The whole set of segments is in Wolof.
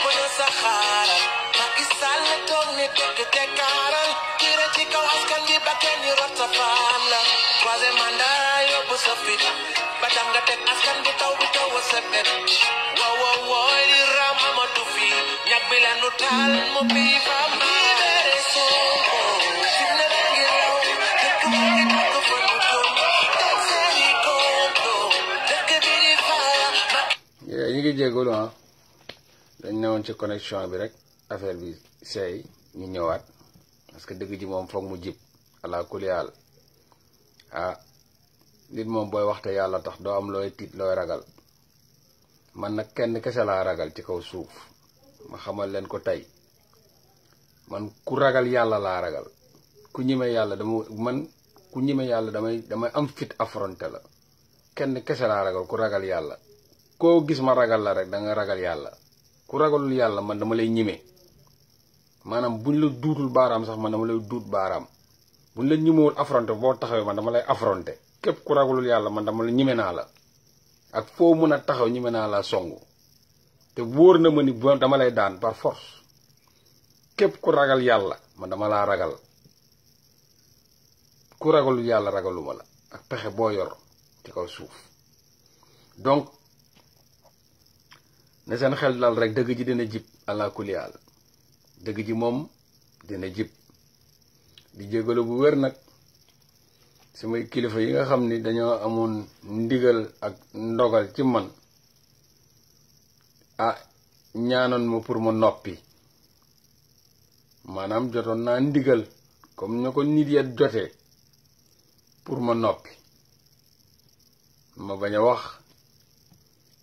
ako mo Yeah, you can just go newoon ci connexion bi rek affaire bi seey ñu ñëwaat parce que dëgg ji moom foog mu jib ala kulli haal ah nit moom booy waxte yàlla tax doo am looy tiit looy ragal man nag kenn kese laa ragal ci kaw suuf ma xamal leen ko tey man ku ragal yàlla laa ragal ku ñime yàlla dama man ku ñime yàlla damay damay am fit affronté la kenn kese laa ragal ku ragal yàlla koo gis ma ragal la rek da ragal yàlla ku ragalul yalla man dama lay ñimé manam buñ la dudul baram. sax man dama lay duut baram buñ la ñimewul affronté bo taxawee man dama lay affronté kep ku ragalul yalla man dama la ñimé na la ak fo mëna taxaw ñimé na la songu te woor na ma ni dama lay daan par force Kep ku ragal yalla man dama la ragal ku ragalul yalla ragaluma la ak pexé bo yor ci kaw suuf donc ne seen xel dal rek deug ji dina jip ala kulial deug ji mom dina jip di jégalu bu wér nak samay kilifa yi nga xamni ni dañoo ndigal ak ndogal ci man a ah, ñaanon mo pour ma nopi manam joton na ndigal comme ña nit ya joté pour ma nopi ma baña wax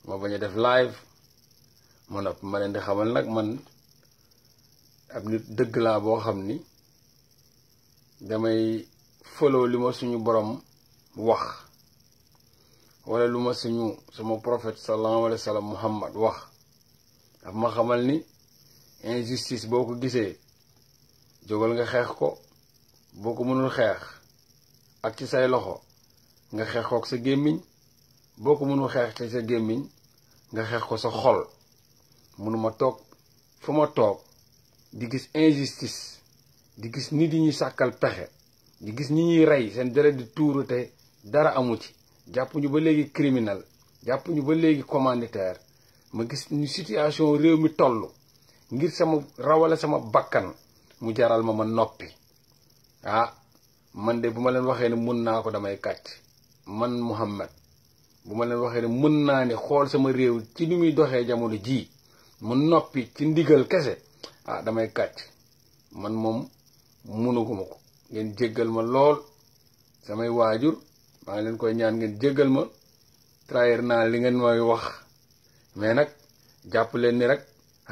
ma baña def live ma nopp ma di xamal nag man ab nit dëgg laa boo xam ni damay fëloo li ma suñu borom wax wala lu ma suñu sama profet sallallahu alayhi wa sallam muhammad wax daf ma xamal ni injustice boo ko gisee jógal nga xeex ko boo ko mënul xeex ak ci say loxo nga xeex ko ak sa gémmiñ boo ko mënul xeex ci sa gémmiñ nga xeex ko sa xol munuma tok fuma ma di gis injustice di gis nit yi ñuy sàkkal pexe di gis ñi di turute te dara amu ci jappu ñu ba légui criminel jappu ñu ba légui commanditaire ma gis ñu situation réew mi tollu ngir sama rawala sama bakkan mu jaral ma ma noppi ah man de buma ma leen waxee ne mun ko damay man Muhammad buma len leen waxee ne mun naa ne xool sama réew ci ni muy jamono ji mu noppi ci ndigal kese ah damay kàcc man moom munaguma ko ngeen jéggal ma lool samay waajur maa ngi leen koy ñaan ngeen jéggal ma trahir naa li ngeen mooy wax mais nag jàpp leen ni rek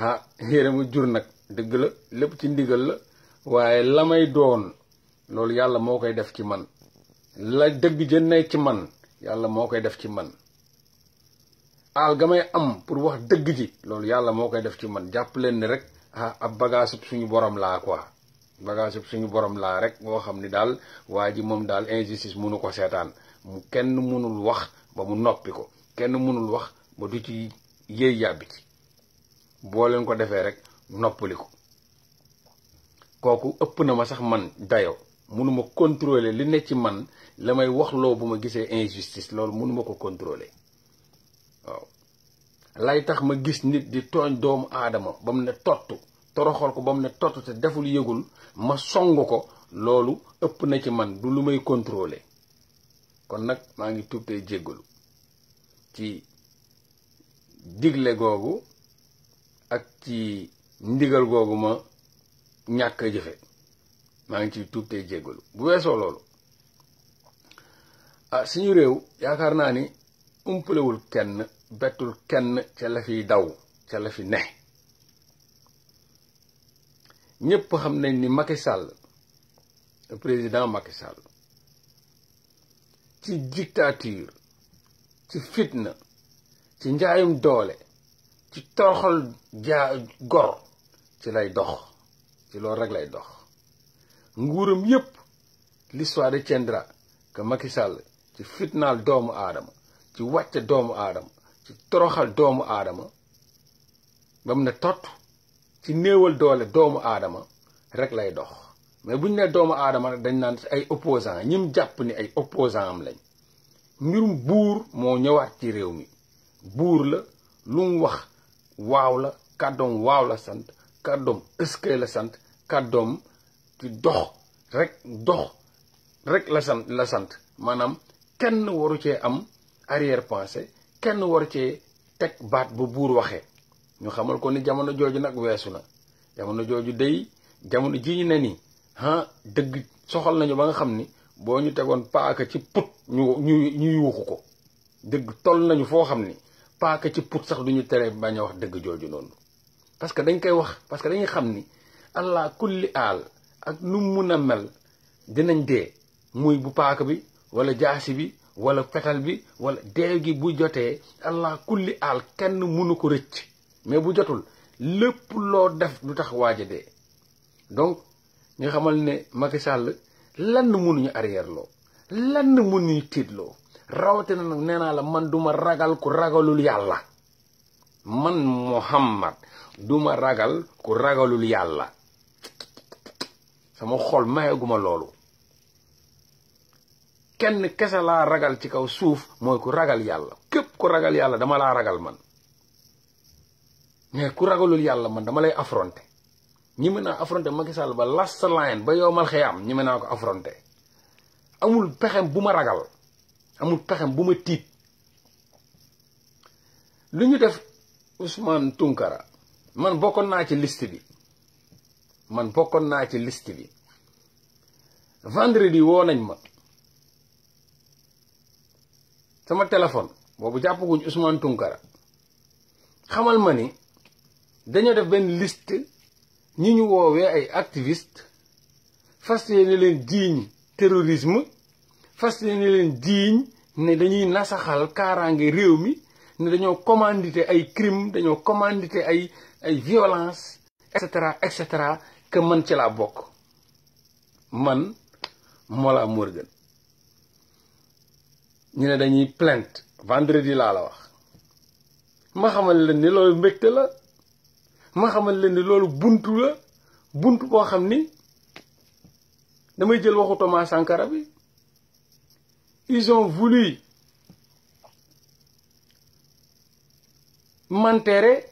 ah yére mu jur nag dëgg la lépp ci ndigal la waaye la may doon loolu yàlla moo koy def ci man la dëgg jën nay ci man yàlla moo koy def ci man al gamay am pour wax deug ji lolou yalla mo koy def ci man japp nerek ni rek ah, ab bagage suñu borom la quoi bagage suñu borom la rek bo xamni ni waji mom dal injustice munu ko setan mu kenn munul wax ba mu nopi ko kenn munul wax ba du ci yéey yàbbi ci bo len ko defé rek ko koku ëpp na ma sax man dayo munu contrôler li ne ci man lamay wax lo buma gisé gisee injustice loolu mënuma ko contrôler lay tax ma gis nit di tooñ doomu aadama ba mu ne tott toroxal ko ba mu ne tott te deful yëgul ma song ko loolu ëpp na ci man du lu may contrôler kon nag maa ngi tuub tey jéggalu ci digle googu ak ci ndigal googu ma ñàkk a jëfe maa ngi ciy tuub tey jéggalu bu weesoo loolu ah suñu réew yaakaar naa ni umpalewul kenn bettul kenn ca la daw ca la fi ñépp xam nañ ni Macky président Macky ci dictature ci fitna ci njaayum doole ci toroxal jaa gor ci lay dox ci loolu rek lay dox nguuram yépp l'histoire retiendra que Macky Sall ci fitnaal doomu aadama ci wàcce doomu aadama toroxal doomu aadama ba mu ne tott ci néewal doole doomu aadama rek lay dox mais bu ñu nee doomu aadama dañ naan si ay opposant ñim jàpp ni ay opposant am lañ ngir buur moo ñëwaat ci réew mi buur la lum wax waaw la kàddoom waaw la sant kàddoom ëskay la sant kàddoom ci dox rek dox rek la sant la sant maanaam kenn waru cee am arrière pensée kenn war cee teg baat bu buur waxee ñu xamal ko ni jamono jooju nag weesu na jamono jooju dey jamono ji ñu ne nii ah dëgg soxal nañu ba nga xam ni boo ñu tegoon paaka ci put ñu ñu ñu yuuxu ko dëgg toll nañu foo xam ni paaka ci put sax duñu tere bañ a wax dëgg jooju noonu parce que dañ koy wax parce que dañuy xam ni allah kulli aal ak nu mun a mel dinañ dee muy bu paaka bi wala jaasi bi wala fetal bi wala dee gi bu jotee allah kulli aal kenn mënu ko rëcc mais bu jotul lépp loo def lu tax waaja dee donc ñu xamal ne Macky Sall lan mënuñu arrière loo lan mënuñu tiitloo rawatina nag nee naa la man duma ragal ku ragalul yàlla man Muhammad duma ragal ku ragalul yàlla sama xol mayeguma loolu kenn kese laa ragal ci kaw suuf mooy ku ragal yàlla képp ku ragal yàlla dama laa ragal man mais ku ragalul yàlla man dama lay affronté ñi mën naa affronté Macky Sall ba last line ba yowmal xëyam ñi mën naa ko affronté amul pexem bu ma ragal amul pexem bu ma tiit lu ñu def Ousmane Tunkara man bokkoon naa ci liste bi man bokkoon naa ci liste bi vendredi woo nañ ma sama téléphone boobu jàppaguñ Ousmane Tunkara xamal ma ni dañoo def benn list ñi ñu woowee ay activiste fas yéene leen jiiñ terrorisme fas yéene leen jiiñ ne dañuy nasaxal kaaraange réew mi ne dañoo commandité ay crime dañoo commandité ay ay violence et cetera et cetera man ci laa bokk man moo Mollah Morgun ñu ne dañuy plainte vendredi la la wax ma xamal leen ni loolu mbégte la ma xamal leen ni loolu buntu la buntu boo xam ni damay jël waxu Thomas Sankara bi ils ont voulu m'enterrer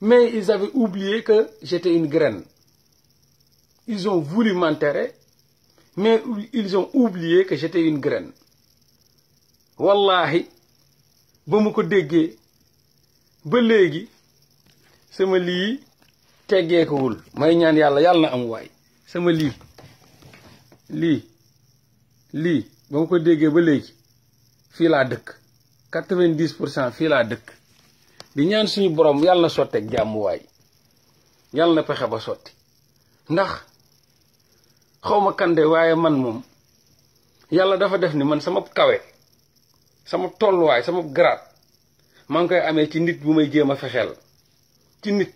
mais ils avaient oublié que j'étais une graine ils ont voulu m'enterrer mais ils ont oublié que j'étais une graine wallaahi ba mu ko déggee ba léegi sama lii teggeekuwul may ñaan yàlla yàlla na am waay sama lii lii lii ba mu ko déggee ba léegi fii laa dëkk quatre-vingt-dix pour cent fii laa dëkk di ñaan suñu borom yàlla na sotteeg jàmm waay yàlla na pexe ba sotti ndax xawma kande waaye man moom yàlla dafa def ni man sama kawe sama tolluwaay sama grade maa ngi koy amee ci nit bu may jéem a fexeel ci nit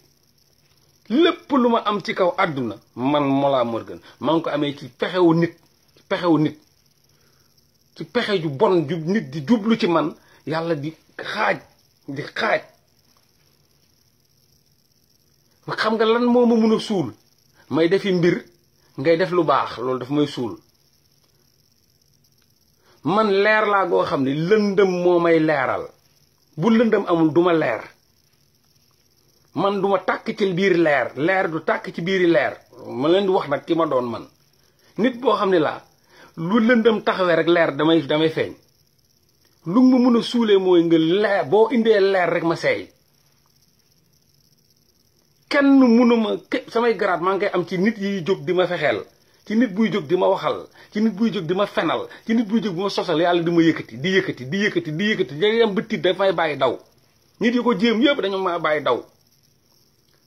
lépp lu ma am ci kaw àdduna man Mollah Morgun maa ngi ko amee ci pexewu nit pexewu nit ci pexe ju bon ju nit di jublu ci man yàlla di xaaj di xaaj xam nga lan moo ma mun a suul may defi mbir ngay def lu baax loolu daf may suul man leer laa goo xam ne lëndëm moo may leeral bu lëndëm amul duma leer man duma tàkk ci biir leer leer du tàkk ci biiri leer ma leen di wax nag ki ma doon man nit boo xam ne laa lu lëndëm taxawee rek leer damay damay feeñ lu ma mën a suulee mooy nga leer boo indee leer rek ma seey kenn mënuma samay garaat maa ngi koy am ci nit yiy jóg di ma fexeel ci nit buy jóg di ma waxal ci nit buy jog di fenal ci nit buy jog bu sosal yàlla di ma di yëkkati di yëkkati di yëkkati day dem ba tiit dafay daw nit yi ko jëm yëpp dañu ma bàyyi daw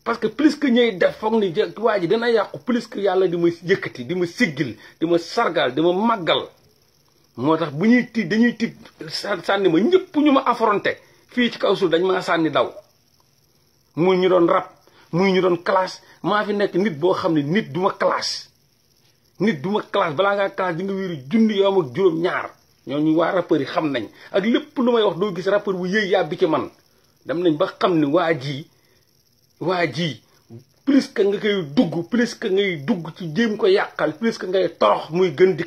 parce que plus que ñey def foog ni waa ji dana yaq plus que yalla di ma dima di dima di sargal di magal motax bu ñuy tiit dañuy tiit sanni ma ñepp ñuma affronté ci kawsul dañ ma sanni daw muy ñu don rap muy ñu don classe ma fi nek nit bo xamni nit duma classe nit duma classe bala nga classe di nga wiru junni yoom ak jurom ñaar ñoo ñu wa rapper yi xam nañ ak lepp lu may wax do gis rappeur bu yëy yàbbi ci man dem nañ ba xam ni waji waji plus que nga kay dugg plus que ngay dugg ci jëm ko yakal plus que ngay torox muy gën di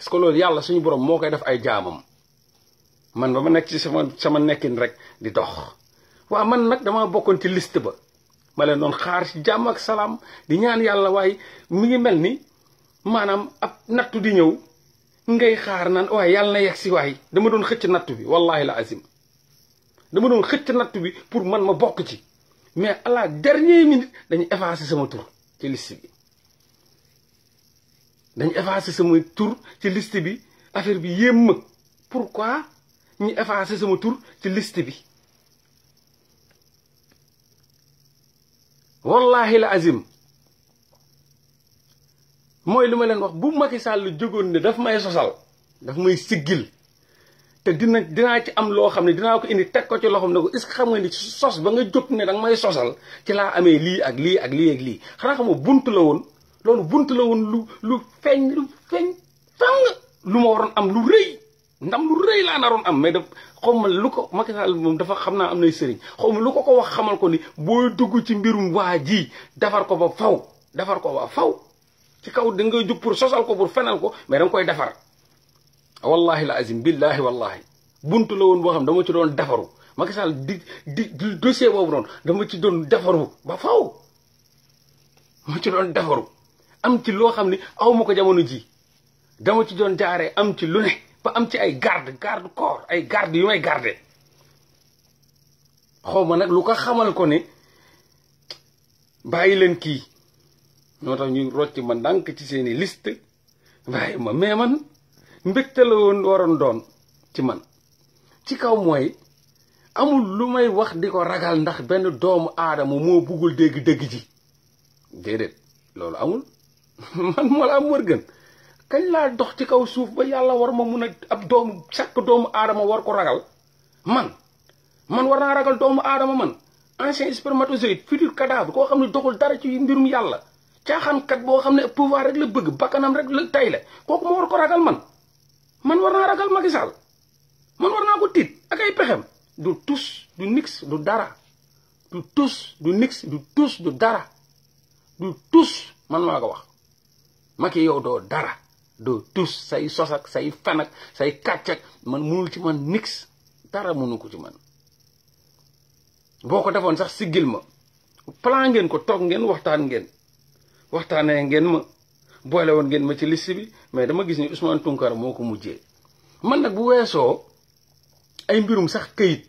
est ce que lool yalla suñu borom mo koy def ay jaamam man bama nek ci sama sama nekkin rek di dox wa man nak dama bokon ci liste ba ma leen doon xaar ci jàmm ak salaam di ñaan yàlla waaye mu ngi mel ni maanaam ab nattu di ñëw ngay xaar naan waaye yàlla na yegg si waay dama doon xëcc nattu bi wallahi la azim dama doon xëcc nattu bi pour man ma bokk ci mais à la dernière minute dañu effacé sama tur ci liste bi dañu effacé sama tur ci list bi affaire bi yéem ma pourquoi ñu effacé sama tur ci liste bi wallahi la azim mooy li ma leen wax bu Macky Sall jógoon ne daf may sosal daf may siggil te dina dinaa ci am loo xam ne dinaa ko indi teg ko ci loxoom ne ko est-ce que xam nga ni sos ba nga jóg ne danga may sosal ci laa amee lii ak lii ak lii ak lii xanaa xam bunt la woon loolu bunt la woon lu lu feeñ lu feeñ fang lu ma waroon am lu rëy ndam lu rëy laa naroon am mais daf xaw ma lu ko Macky Sall moom dafa xam naa am nay sëriñ xaw ma lu ko ko wax xamal ko ni booy dugg ci mbirum waa ji defar ko ba faw defar ko ba faw ci kaw da ngay jug pour sosal ko pour fenal ko mais da koy defar wallahi la azim billahi wallahi buntu la woon boo xam dama ci doon defaru Macky Sall di di dossier boobu noonu dama ci doon defaru ba faw ma ci doon defaru am ci loo xam ne aw ma ko jamono ji dama ci doon jaaree am ci lu ba am ci ay garde garde corps ay garde yu may garde xaw ma nag lu ko xamal ko ne bàyyi leen kii ñoo tax ñuy rocc ma ndànk ci seeni list bàyyi ma mais man mbégte la woon waroon doon ci man ci kaw mooy amul lu may wax di ko ragal ndax benn doomu aadama moo buggul dégg dégg ji déedéet loolu amul man moo la am wër gën kañ laa dox ci kaw suuf ba yàlla war ma mun a ab doomu chaque doomu aadama war ko ragal man man war naa ragal doomu aadama man ancien spermatozoïde futur cadavre koo xam ne doxul dara ci mbirum yàlla caaxaankat boo xam ne pouvoir rek la bëgg bakkanam rek la tay la kooku ma war ko ragal man man war naa ragal Macky sal man war naa ko tiit ak ay pexem du tus du nix du dara du tus du nix du tus du dara du tus man maa ko wax Macky yow doo dara Do, tus say sosak, ak say fen ak say kàcc ak man munul ci man nix dara munu ko ci man boko defone sax sigil ma plan ngeen ko tok ngeen waxtan ngeen waxtane ngeen ma boole won ngeen ma ci liste bi mais dama gis ni Ousmane Tunkara moko mujjé man nak bu wesso ay mbirum sax keuyit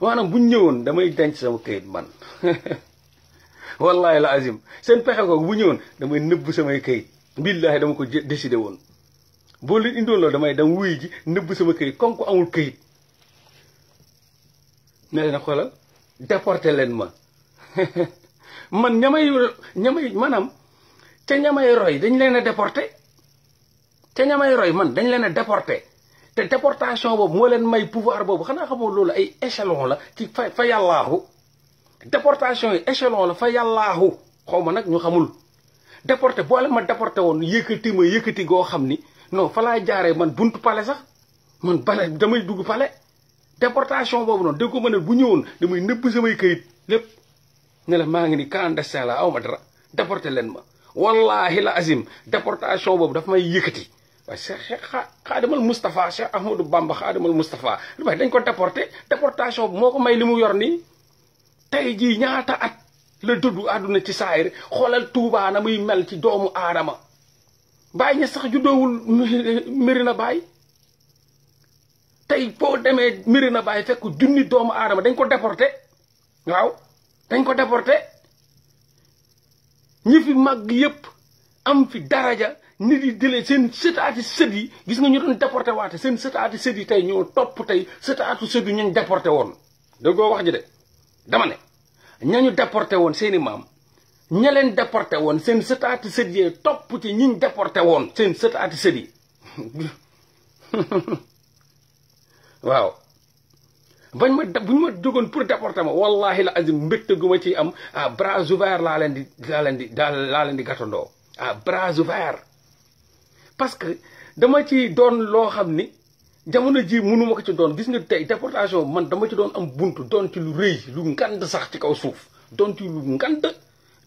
maanaam bu ñewoon damay denc sama keuyit man wallahi la azim seen pexe ko bu ñewoon damay neub sama keuyit billaahi dama ko décidé woon boo leen indoon loolu damay dem wuy ji nëbb sama këyit comme ko amul këyit ne leen xoolal déporté leen ma man ñamay ñamay maanaam te ñamay roy dañ leen a déporté te ñamay roy man dañ leen a déporté te déportation boobu moo leen may pouvoir boobu xanaa xamoo loolu ay échelon la ci fa fa yàllaahu déportation yi échelon la fa yàllaahu xaw ma nag ñu xamul déporté boo la ma déporté woon yëkkati ma yëkkati goo xam ni non fa laa jaaree man bunt pale sax man pale damay dugg pale déportation boobu noonu dégg ko ma ne bu ñëwoon damay nëbb samay kayit lépp ne la maa ngi ni clandestin la aw ma dara déporté leen ma wallahi la azim déportation boobu dafa may yëkkati waaye Cheikh xaadimal Moustapha Cheikh Ahmadou Bamba xaadimal Moustapha waaye dañ ko déporté déportation moo ko may li mu yor nii tey jii ñaata at la dëddu àdduna ci saayir xoolal Touba na muy mel ci doomu aadama bàyyi ña sax juddoowul Médina Baye tey boo demee Médina Baye fekk junni doomu aadama dañ ko déporté waaw dañ ko déporté ñi fi màgg yépp am fi daraja nit yi dëlee seen sëtaati sët yi gis nga ñu doon déporté waate seen sëtaati sët yi tey ñoo topp tey sëtaatu sët yi ñu déporté woon déggoo wax ji de dama ne ñañu déporté woon seeni maam ña leen déporté woon seen sëtaati sët yi topp ci ñiñ déporté woon seen sëtaati sët yi waaw ba ma buñ ma jógoon pour déporté ma wallahi la azim mbégte gu ma ciy am à bras ouvert laa leen di laa leen di laa leen di gàttandoo à bras ouvert parce que dama ci doon loo xam ni jamono ji mënuma ko ci doon gis nga tey déportation man dama ci doon am bunt doon ci lu rëy lu ngand sax ci kaw suuf doon ci lu ngand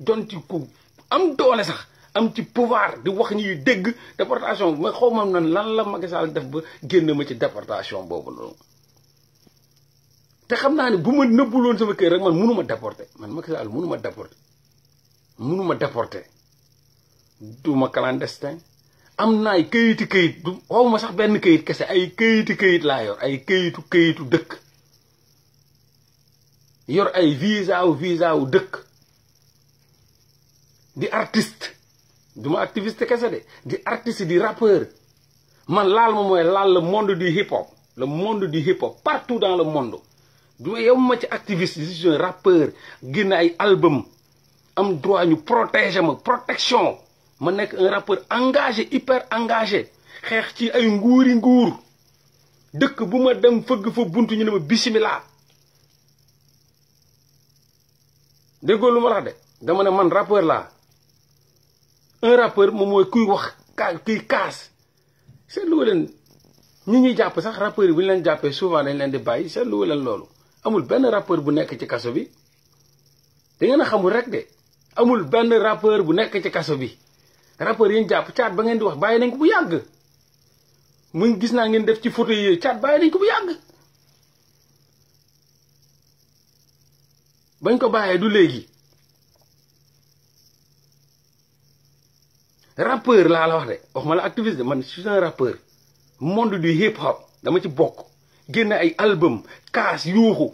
doon ci ku am doole sax am ci pouvoir di wax ñuy dégg déportation ma xaw ma na lan la Macky Sall def ba génn ma ci déportation boobu noonu te xam naa ne bu ma nëbbuloon sama kër rek man mënuma déporté man Macky Sall mënuma déporté mënuma déporté duma clandestin am na ay këyiti këyit du ma sax benn këyit kese ay këyiti këyit laa yor ay këyitu këyitu dëkk yor ay visa wu visa wu dëkk di artist du ma activiste kese de di artiste rappeur man laal ma mooy laal le monde du hip hop le monde du hip hop partout dans le monde du ma yow ma ci activiste je suis un rappeur génn ay album am droit ñu protéger ma protection. ma nek un rappeur engagé hyper engagé xex ci ay nguri ngour dekk buma dem feug fa buntu ñu ne ma bisimilah déggoo lu ma wax de dama ne man rappeur la un rappeur mo moy kuy wax kuy kaas lu leen ñi ñi japp sax rappeur souvent dañ leen di c'est lu leen lolu amul ben rappeur bu nek ci kasso bi da ngeen xamul rek de amul ben rappeur bu nek ci kasso bi rapport yi ñu jàpp caat ba ngeen di wax bàyyi nañ ko bu yàgg mu gis naa ngeen def ci photo yi caat bàyyi nañ ko bu yàgg bañ ko bàyyee du léegi rappeur laa la wax de wax ma la activiste man je suis un rappeur monde du hip hop dama ci bokk génn ay album kaas yuuxu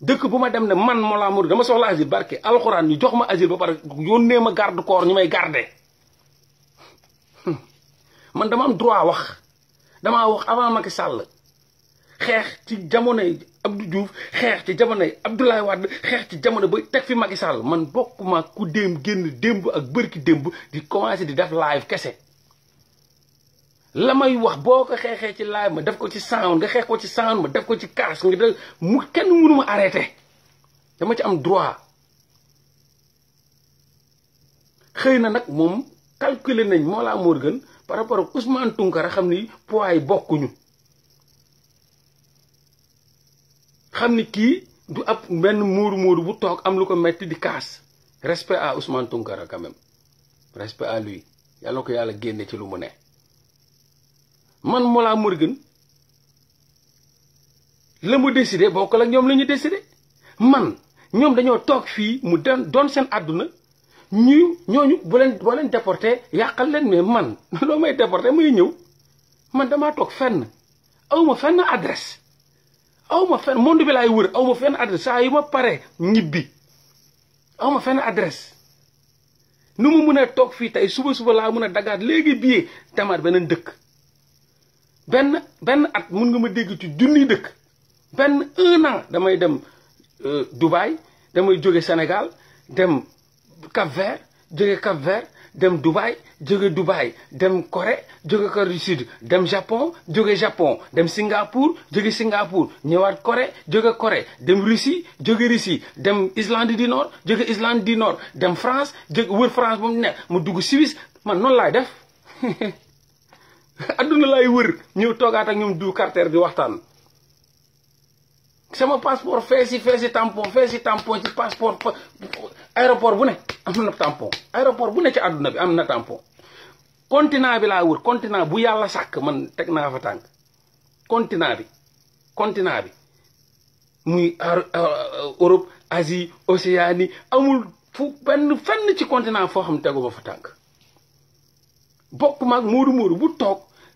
dëkk bu ma dem ne man Mollah Morgun dama soxla asile barke alxuraan ñu jox ma asile ba pare yónnee ma garde corps ñu may garde hmm. man dama am droit wax dama wax avant Macky Sall xeex ci jamonoy Abdou Diouf xeex ci jamonoy Abdoulaye Wade xeex ci jamono ba teg fi Macky Sall man bokkuma ku démb génn démb ak bërki démb di commencé di def live kese la may wax boo ko xeexee ci live ma def ko ci sound nga xeex ko ci sound ma def ko ci cash nga def mu kenn mënuma arrêté dama ci am droit xëy na nag moom calculer nañ Mollah gën par rapport ak Ousmane Tounkara xam ni poids bokkuñu xam ni kii du ab benn muuru muuru bu toog am lu ko metti di kaas respect à Ousmane Tounkara quand respect à lui yàlla ko yàlla génne ci lu mu ne man Mollah Morgun la mu décidé bokkul ak ñoom la ñu man ñoom dañoo toog fii mu doon seen àdduna ñu ñooñu bu leen boo leen déporté yàqal leen mais man loo may déporté muy ñëw man damaa toog fenn awma fenn adresse awma fenn monde bi laay wër awma fenn adresse saa yu ma pare ñibbi awma fenn adresse nu mu mën a toog fii tey suba suba laa mën a dagaat léegi billet tamaat beneen dëkk benn benn at mun nga ma dégg ci junniy dëkk benn un damay dem euh, Dubaï damay jóge Sénégal dem Cap-Vert jóge Cap-Vert dem Dubaï jóge Dubaï dem Corée jóge Corée du Sud dem Japon jóge Japon dem Singapour jóge Singapour ñëwaat Corée jóge Corée dem Russie jóge Russie dem island du Nord jóge Islande du Nord dem France jóge France moom mu nekk mu dugg Suisse man noonu laay def adduna laay wër ñëw toogaat ak ñoom du carter di waxtaan sama passeport feesi feesi tampon feesi tampon ci passeport aéroport bu ne am na tampon aéroport bu ne ci àdduna bi am na tampon continent bi laa wër continent bu yàlla sàkk man teg naa fa tànk continent bi continent bi muy euh, Europe Asie Océanie amul fu fenn ci continent foo xam teguma fa tànk bokk maag moodu moodu bu toog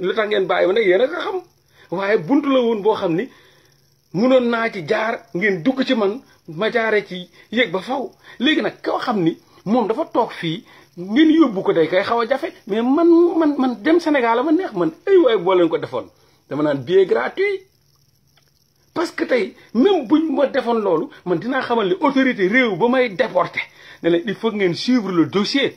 lu ngeen bàyyi ma nag yéen a ko xam waaye buntu la woon boo xam ni munoon naa ci jaar ngeen dugg ci man ma jaaree ci yéeg ba faw léegi nag koo xam ni moom dafa toog fii ngeen yóbbu ko dey kay xaw a jafe mais man man man dem Sénégal ma neex man ay waaye boo ko defoon dama naan billet gratuit parce que tey même buñ ma defoon loolu man dinaa xamal ne autorité réew ba may déporté ne leen il faut ngeen suivre le dossier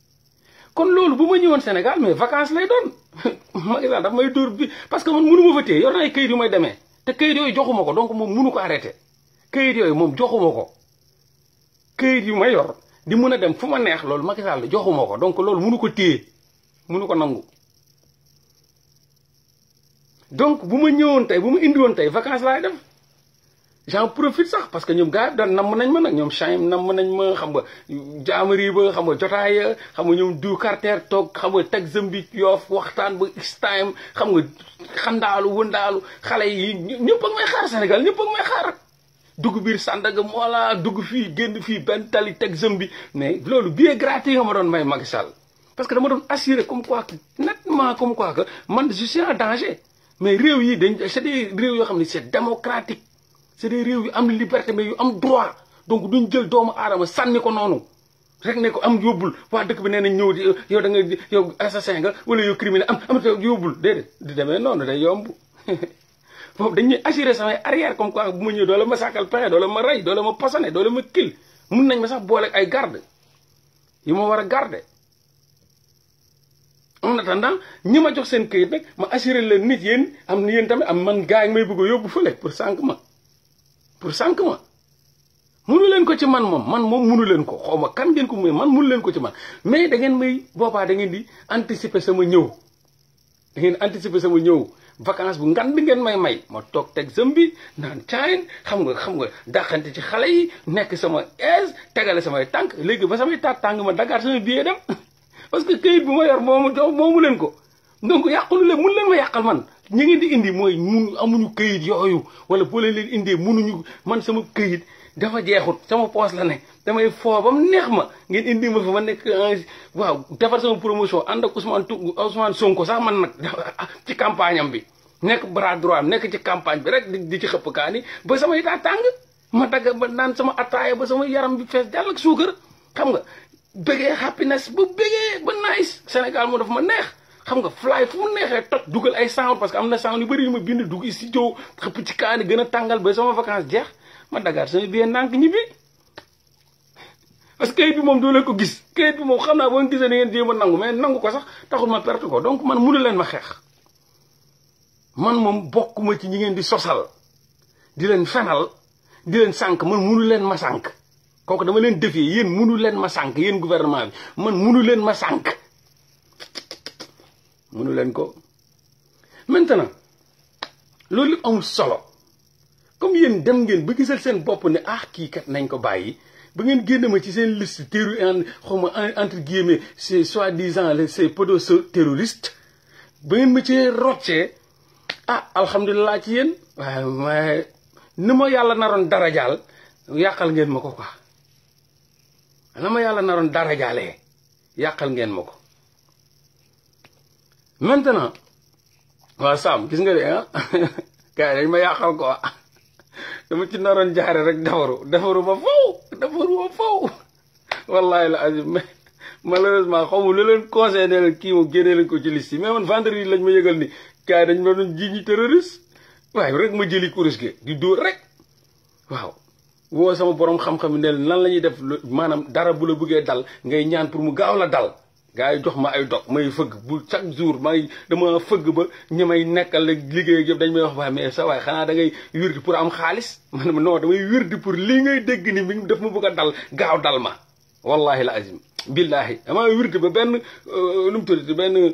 kon loolu bu ma ñëwoon Sénégal mais vacances lay doon Macky Sall daf may dóor bi parce que man mënu ma fa téye yor na ay kayit yu may demee te kayit yooyu joxuma ko donc moom mënu ko arrêté kayit yooyu moom joxuma ko këyit yu may yor di mën a dem fu ma neex loolu Macky Sall joxuma ko donc loolu munu ko téye mënu ko nangu donc bu ma ñëwoon tey bu ma indi woon tey vacances laay dem j'en profite sax parce que ñoom gars yi daan namm nañ ma nag ñoom nam namm nañ ma xam nga jaamari ba xam nga jotaaya xam nga ñoom du carter toog xam nga teg zambi yoof waxtaan ba x xam nga xandaalu wëndaalu xale yi ñëpp ak may xaar Sénégal ñëpp ak may xaar dugg biir Sandaga Mawla dugg fii génn fii benn tali teg zambi mais loolu billet gratuit nga ma doon may Macky Sall parce que dama doon assuré comme quoi que nettement comme quoi que man je suis danger mais réew yi dañ c'est réew yoo xam ne c'est démocratique c'est des réew yu am liberté mais yu am droit donc duñ jël doomu aadama sànni ko noonu rek ne ko am yóbbul waa dëkk bi nee nañ ñëw di yow da nga yow assassin nga wala yow criminel am am yóbbul déedéet di demee noonu day yomb foofu dañuy assurer samay arrière comme quoi bu ma ñëw doole ma sàkkal pexe doole ma rey doole ma posone doole ma kil mun nañ ma sax boole ay garde yu ma war a garde en attendant ñi ma jox seen këyit ma assure leen nit yéen am na yéen tamit am man gaa yi may bëgg a yóbbu fale pour sànq ma pour sànq ma munu leen ko ci man moom man moom munu leen ko xaw ma kan ngeen ko muy man munu leen ko ci man mais da ngeen may boobaa da ngeen di anticiper sama ñëw da ngeen anticiper sama ñëw vacance bu ngan bi ngeen may may ma toog teg sëm bi naan caayin xam nga xam nga dàqante ci xale yi nekk sama aise tegale samay tànk léegi ba samay taat tànk ma dagaar sama billet dem parce que këyit bu ma yor moomu jox moomu leen ko donc yàqulu leen mun leen ma yàqal man ñi ngi di indi moy mun amuñu keuyit yoyu wala bo leen leen indee munuñu man sama keuyit dafa jeexut sama poste la ne damay foo bam neex ma ngeen indi ma fa ma nekk waaw defar sama promotion and ak Ousmane Ousmane Sonko sax man nak ah, ci campagne am bi nek bras droit nek ci campagne bi rek di ci xep kaani ba sama yita tang ma dag ba nan sama attaaya ba sama yaram bi fess dal ak sugar xam nga bëggee happiness bu bege ba nice senegal mo dafa ma neex xam nga fly fu mu tok duggal ay sound parce que amna sound yu bari yu ma bind dugg studio xep ci kaani gëna tangal ba sama vacances jeex ma dagar sama bien nank ñibi parce que bi mom do la ko gis kayit bi mom xamna bo ngi gisé da ngeen jéem nangu mais nangu ko sax taxul ma perte ko donc man mënu leen ma xex man mom bokkuma ci ñi ngeen di sosal di leen fenal di leen sank man mënu leen ma sank kooku dama leen defé yeen mënu leen ma sank yeen gouvernement bi man mënu leen ma sank munu leen ko maintenant loolu amul solo comme yéen dem ngeen ba gisal seen bopp ne ah kii kat nañ ko bàyyi ba ngeen génne ma ci seen liste terru en xaw entre guillemets c'est soi-disant c'est podo terroriste ba ngeen ma ci roccee ah alhamdulilah ci yéen waaye waaye ni ma yàlla naroon dara jaal yàqal ngeen ma ko ko na ma yàlla naroon dara jaalee yàqal ngeen ma ko maintenant ah? wa Sam gis nga de ah? ka gars dañ ma yàqal ko ah. dama ci naroon jaare rek dafaru dafaru ba faw dafaru ba faw wallahi la azim malheureusement xaw ma len conseiller ki mo leen kii ko ci liste mais man vendredi lañ ma yëgal ni ka dañ ma doon jigni terroriste waaye rek ma jëli kuris gi di do rek waaw wo sama borom xam-xam ni lan lañuy def manam dara bu la bëggee dal ngay ñaan pour mu gaaw la dal gars yi jox ma ay dog may fëgg bu chaque jour may dama fëgg ba ñi may nekkal liggéey yëpp dañ may wax waaye mais sa waay xanaa da ngay wirdi pour am xaalis man non damay wirdi pour lii ngay dégg ni mi def ma bëgg a dal gaaw dal ma wallahi la azim billahi dama wirdi ba benn lu euh, mu tuddati benn euh,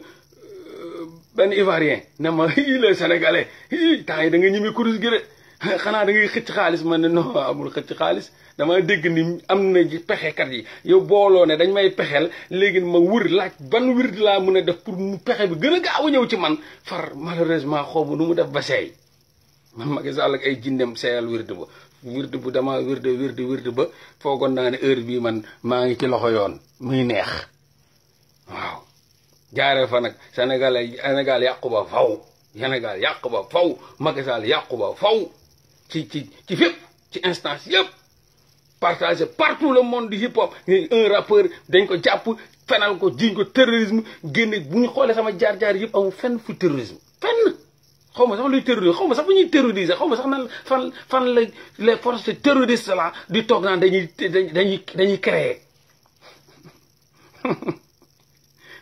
benn ivoirien ne ma i les sénégalais i temps yi da nga ñimi kurus gi de xanaa da ngay xëcc xaalis man ne non amul xëcc xaalis dama dégg ni am na pexe kat yi yow booloo ne dañ may pexeel léegi ma wur laaj ban wir laa mën a def pour mu pexe bi gën a gaaw a ñëw ci man far malheureusement xoobu nu mu def ba seey man Macky Sall ay jindem seeyal wird ba wird bu dama wird wird wird ba foogoon naa ne heure bii man maa ngi ci loxo yoon muy neex waaw jaaree fa nag Sénégal Sénégal yàqu ba faw Sénégal yàqu ba faw Macky yàqu ba faw ci ci ci fépp ci instance yëpp partagé partout le monde di hip hop un rappeur dañ ko jàpp fenal ko jiñ ko terrorisme génne bu ñu xoolee sama jaar-jaar yëpp amul fenn fu terrorisme fenn xaw ma sax luy terrorisme xaw ma sax bu ñuy terroriser xaw ma sax nan fan fan la les forces terroristes là di toog naan dañuy dañuy dañuy créer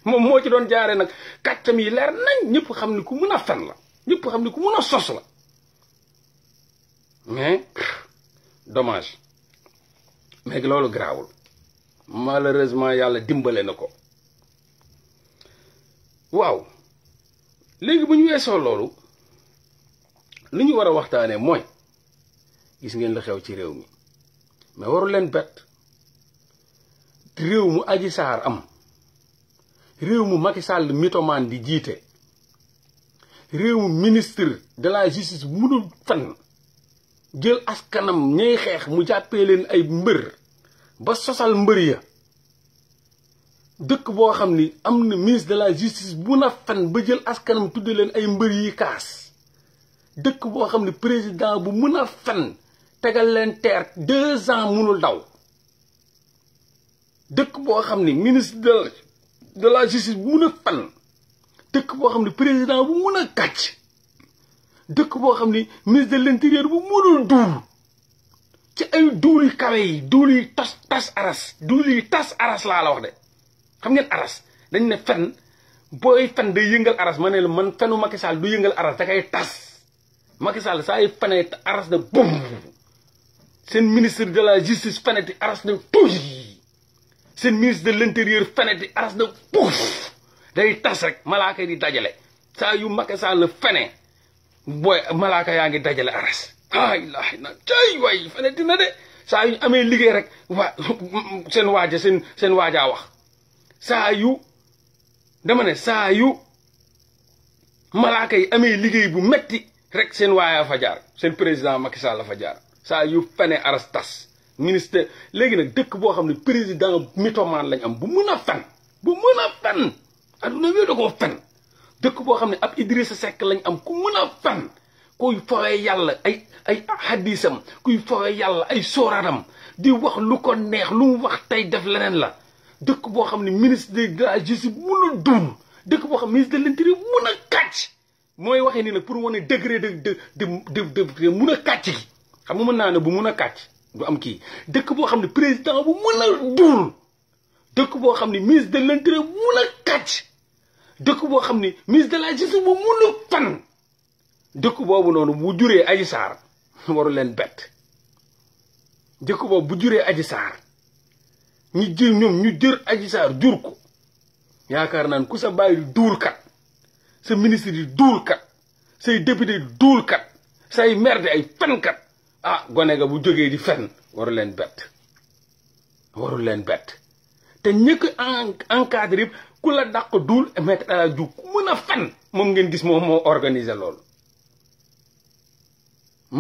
moom moo ci doon jaaree nag kàccam yi leer nañ ñëpp xam ni ku mën a fen la ñëpp xam ni ku mën a sos la mais domage mais loolu garaawul malheureusement yàlla dimbale na ko waaw léegi bu ñu weesoo loolu li ñu war a waxtaanee mooy gis ngeen la xew ci réew mi mais waru leen bett réew mu aji saar am réew mu Macky Sall mythomane di jiite réew mu ministre de la justice munul fenn jël askanam ñay xeex mu jàppee leen ay mbër ba sosal mbër ya dëkk boo xam ni am na ministre de la justice bu na fen ba jël askanam tuddee leen ay mbër yi kaas dëkk boo xam ni président bu mën a fan tegal leen teer deux ans munul daw dëkk boo xam ni ministre de la justice bu mun a fen dëkk boo xam ni président bu mën a kàcc dëkk boo xam ni ministre de l'intérieur bu mënul duur ci ay duur yu kawe tas tas aras duur yu tas aras laa la wax de xam ngeen aras dañ ne fen booy fen day yëngal aras ma ne la man fenu Macky Sall du yëngal aras da kay tas Macky Sall saa yu fenee aras na bum seen ministre de la justice feneti aras na tuuy sen ministre de l'intérieur feneti aras na pouf day tas rek malaaka di dajale saa yu Macky Sall fene booy malaaka yaa ngi dajale aras ah illaahi na cay waay fane dina de saa yu amee liggéey rek waa seen waaja seen seen waajaa wax saa yu dama ne saa yu malaaka yi amee liggéey bu metti rek seen waayaa fa jaar seen président Macky Sall la saa yu fene aras tas léegi nag dëkk boo xam ne président mythomane lañ am bu mën a fen bu mën a fen adduna wéy koo fen dëkk boo xam ne ab Idrissa Seck lañ am ku mën a fen kuy fowee yàlla ay ay xaddiisam kuy fowee yàlla ay soraanam di wax lu ko neex lu mu wax tey def leneen la dëkk boo xam ne ministre de la justice mun a duum dëkk boo xam ministre de l'intérieur mun a kàcc mooy waxee nii nag pour wane degré de de de mun a kàcc xam nga mën naa ne bu mun a kàcc du am kii dëkk boo xam ne président bu mun a duul dëkk boo xam ne ministre de l'intérieur mun a kàcc dëkk boo xam ni ministre de la justice bu munu fan dëkk boobu noonu bu juree aji saar waru leen bett dëkk boobu bu juree aji saar ñu jël ñoom ñu jër aji saar jur ko yaakaar naan ku sa bàyyi duul kat sa ministre yi duul kat say député yi duul kat say merde di ay fenkat ah gone ga bu jógee di fen waru leen bett waru leen bett te ñëkk encadré kula dak dul duul maître ala djou ku meuna a fen moom ngeen gis mom mo organiser loolu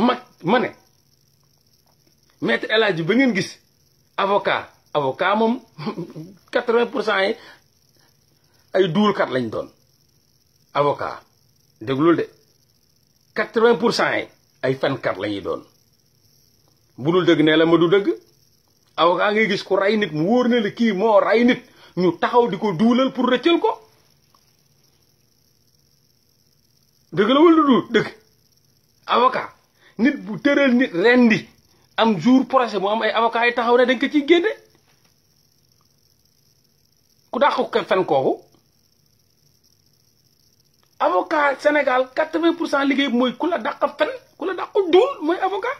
mak mané maître ala ba ngeen gis avocat avocat mom 80% vingt yi ay duulkat lañ doon avocat déglul de quatre yi ay fenkat lañuy doon la ma du deug avocat ngay gis ku ray nit mu worne le ki mo ray nit ñu taxaw di ko duulal pour rëccal ko dëgg la wala du dëgg avocat nit bu tëral nit rendi am jour procès mu am ay avocat yi taxaw ne dañ ko ciy génne ku dàqu ko fen kooku avocat Sénégal quatre-vingt pour cent liggéey mooy ku la dàq fen ku la dàq duul mooy avocat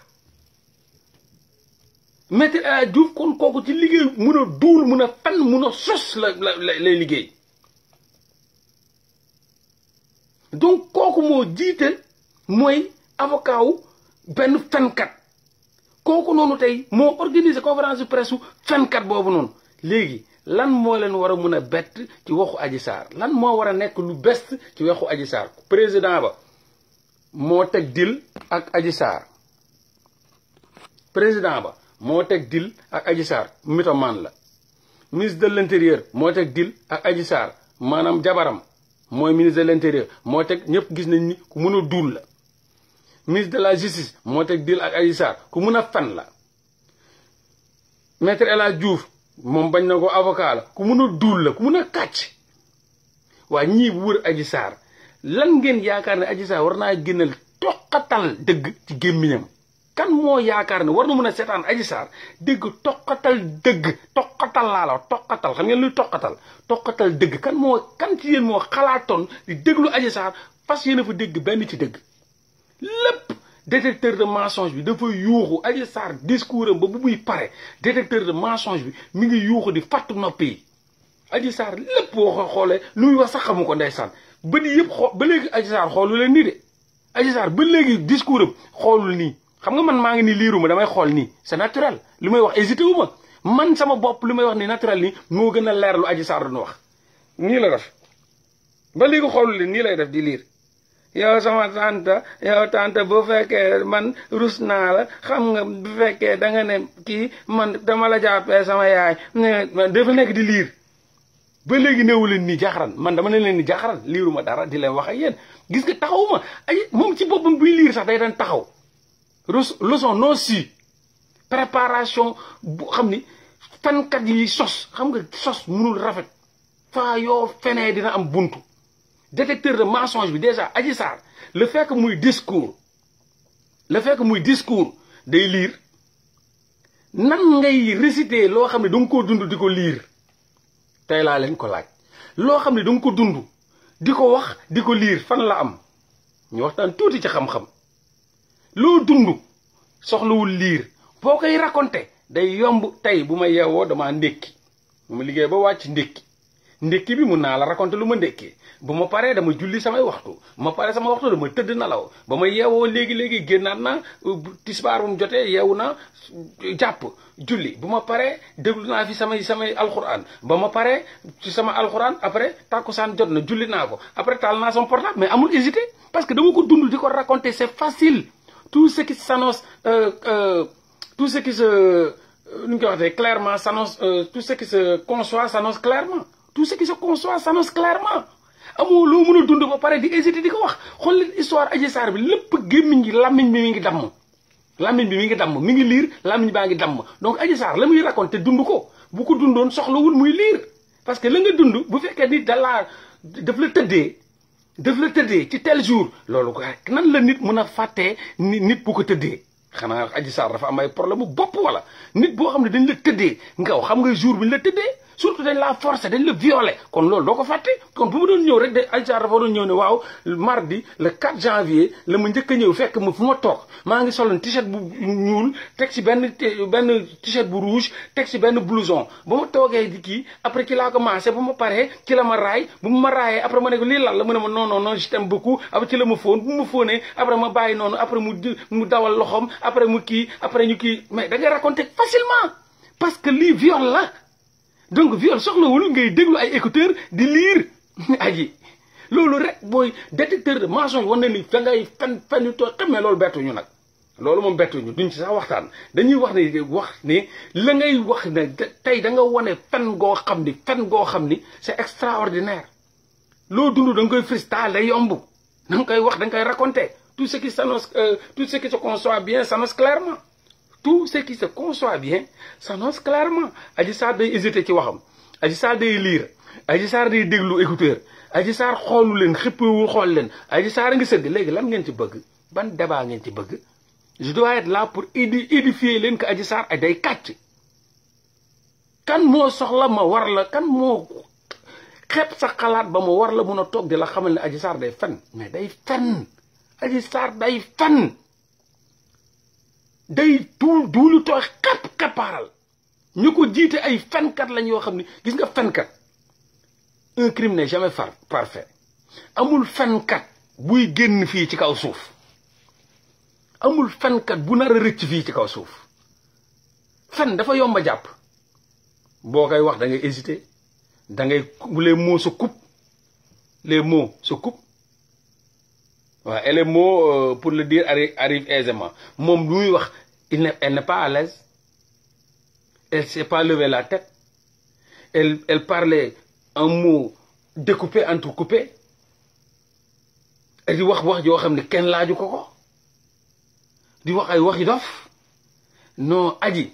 Maître El Hadj Diouf ci liggéey mun Fan, la la donc kooku moo jiite mooy avocat ben fan conférence de presse fenkat boobu noonu léegi lan Je suis war a mun qui ci waxu Adji Sarr lan moi, war a best ci waxu Adji Sarr président ba dil ak Adji président moo teg dil ak Adji Sarr mythomane la ministre de l'intérieur moo teg dil ak Adji Sarr maanaam jabaram mooy ministre de l'intérieur moo teg ñëpp gis nañ ni ku mën a duul la ministre de la justice moo teg dil ak Adji Sarr ku mën a fen la maître El Hadj Diouf moom bañ na ko avocat la ku mën a duul la ku mën a kàcc waa ñii wër Adji Sarr lan ngeen yaakaar ne Adji Sarr war naa génnal toqatal dëgg ci gémmiñam kan moo yaakaar ne war na mën a seetaan Adji Sarr dégg toqatal dëgg toqatal laa la toqatal xam ngeen luy toqatal toqatal dëgg kan moo kan ci yéen moo xalaatoon di déglu Adji Sarr fas yéen a fa dégg benn ci dëgg lépp de mensonge bi dafa yuuxu Adji Sarr discours am ba bu muy pare détecteur de mensonge bi mi ngi yuuxu di fàttu noppi yi Adji Sarr lépp boo ko xoolee lu muy wax sax xamu ko desan ba di yëpp xoo ba léegi Adji Sarr xoolu leen nii de Adji Sarr ba léegi discours am xoolul nii xam nga man ma ngi ni ma damay xol ni c'est naturel limay wax hésiter wuma man sama bop limay wax ni naturel ni mo gëna lér lu aji sar do wax ni la def ba léegi xol li ni lay def di lire Ya sama tante ya tante bu fekkee man rusna la xam nga bu fekkee da nga ne ki man dama la jappé sama yaay def nek di lire ba léegi néewu ni jaxran man dama ne leen ni jaxaran dara di leen wax ak yeen gis nga taxawuma ay mom ci boppam buy lire sax day taxaw leçon non si préparation bu xam ni fenkat yi sos xam nga sos mënul rafet fa yo fene dina am buntu détecteur de mensonge bi déjà aji sar le fait que muy discours le fait que muy discours day lire nan ngay réciter lo xamni ne ko dund diko lire tay la len ko laaj lo xamni ne ko dund diko wax diko lire fan la am ñu waxtan touti ci xam-xam loo dund soxlawul liir boo koy raconté day yomb tey bu ma yeewoo damaa ndékki mu liggéey ba wàcc ndékki ndékki bi mun naa la raconté lu ma ndékkee bu ma paree dama julli samay waxtu ma pare sama waxtu dama tëdd nalaw ba ma yeewoo léegi-léegi génnaat naa tisbaar bu mu jotee yeewu naa jàpp julli bu ma paree déglu naa fi samay samay alxuraan ba ma paree ci sama alxuraan après tàkkusaan jot na julli naa ko après taal naa sama portable mais amul hésité parce que dama ko dund di ko raconté c'est facile tout ce qui s'annonce euh, euh, tout ce qui se euh, clairement s'annonce tout ce qui se conçoit s'annonce clairement tout ce qui se conçoit s'annonce clairement amoo loo ba pare di hésiter di ko wax histoire Adji il bi de bi mi ngi bi mi donc Adji raconté d'un ko bu ko parce que la nga dund bu daf la tëddee ci tel jour loolu ko nan la nit mën a fàttee ni nit bu ko tëddee xanaa Adji Sarr dafa am ay problème mu bopp wala nit boo xam ne dañ la tëddee ngaw xam nga jour bi ñu la tëddee surtout de la force dañ la violer kon loolu doo ko fàtte kon bu mu doon ñëw rek de Adja dafa doon ñew ne waaw mardi le 4 janvier le mu ñëk ñew fekk mu fuma tok ma toog maa ngi t-shirt bu ñuul tek ci ben ben t-shirt bu rouge tek ci ben blouson ba ma toogee di ki après ki la commencé bu ma paré ki la ma ray bu ma après ma ne ko li lan la mu ne ma non non non je t'aime beaucoup après ci la ma fóon bu ma fóonee après ma bàyyi non après mu mu dawal loxom après mu ki après ñu ki mais da ngay raconter facilement parce que li viol la donc viol wul ngay déglu ay écouteur di lire aji lolu rek boy détecteur de mensonge wonné ni fa ngay fan fen to xamé lolu ne loolu bettuñu nag loolu moom bettuñu duñ ci sa waxtaan dañuy wax ni wax ni la ngay wax ne tay da nga woné fan go xamni fan go xamni c'est extraordinaire lo dund da nga koy freestyle day yomb da nga koy wax da nga koy raconter tout ce qui s'annonce euh, tout ce qui se conçoit bien s'annonce clairement tout ce qui se conçoit bien s'annonce clairement Adji Sarr day hésité ci waxam Adji Sarr day lire Adji Sarr day déglu écouteur Adji Sarr xoolu leen xëppewul xool leen Adji lan ngeen ci bëgg ban débat ngeen ci bëgg je dois être là pour édifier leen que Adji Sarr ay day kàcc kan moo soxla ma warla, quand kan moo xeeb sa xalaat ba ma warla la mun di la xamal ne Adji Sarr day mais day fen Adji Sarr day day tuul duulu tooy xap xapaaral ñu ko jiite ay fenkat lañ yoo xam ne gis nga fenkat un crime n'est jamais parfait amul fenkat buy génn fii ci kaw suuf amul fenkat bu nar a rëcc fii ci kaw suuf fen dafa yomba jàpp boo koy wax dangay ngay hésiter da ngay les mots se coupent les mots se coupent et les mots euh, pour le dire arrivent aisément elle n'est pas à l'aise elle ne s'est pas levé la tête elle parlait un mot découpé entrecoupé di Elle wax yoo xam ken kenn ko di wax ay waxi quelqu'un. non Adi,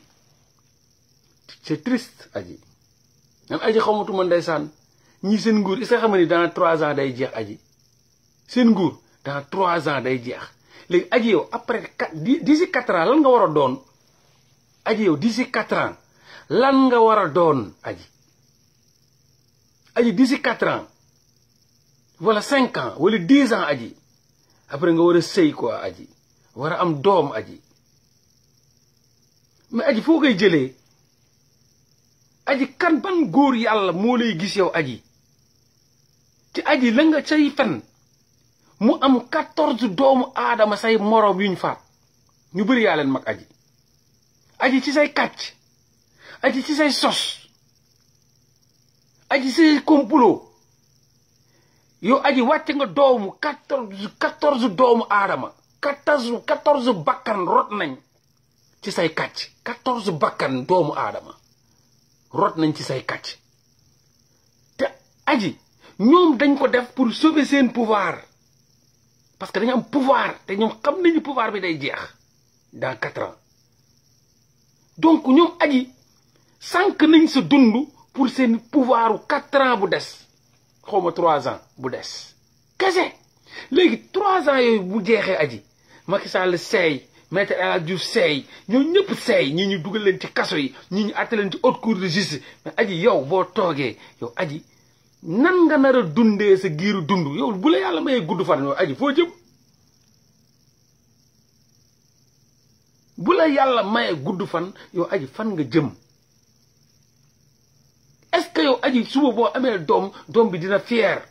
c'est triste aji aji tu ñi est-ce dans trois ans day dans trois ans day jeex léegi aji yow après quatre d'ici quatre ans lan nga war a doon aji yow d'ici quatre ans lan nga war a doon aji aji d'ici quatre ans wala cinq ans wala dix ans aji après nga war a sëy a aji war a am doom aji mais aji foo ngay jëlee aji kan ban góor yàlla moo lay gis yow aji ci aji la nga say fen mu am quatorze doomu aadama say moroom yuñ faat ñu bëri yaa leen mag aji aji ci say kàcc aji ci say sos aji ci say complot yow aji wàcce nga doomu quatorze doomu aadama quatorze quatorze bakkan rot nañ ci say kàcc bakkan doomu aadama rot nañ ci say kàcc te aji ñoom dañ ko def pour sauver seen pouvoir parce que dañu am pouvoir te ñoom xam nañu pouvoir bi day jeex dans quatre ans donc ñoom aji sànq nañ sa dund pour seen pouvoiru quatre ans bu des xaw trois ans bu des kese léegi trois ans yooyu bu jeexe aji Macky Sall seey maître El Hadj Diouf seey ñoo ñëpp seey ñi ñu dugal leen ci kaso yi ñi ñu àtte ci haute cour de justice aji yow boo toogee yow aji nan nga dunde a dundee sa giiru dundu yow bu la yalla maye gudd fan no aji fo jëm bu la yalla maye gudd fan yow aji fan nga jëm est ce que yow aji suba bo amé dom dom bi dina fier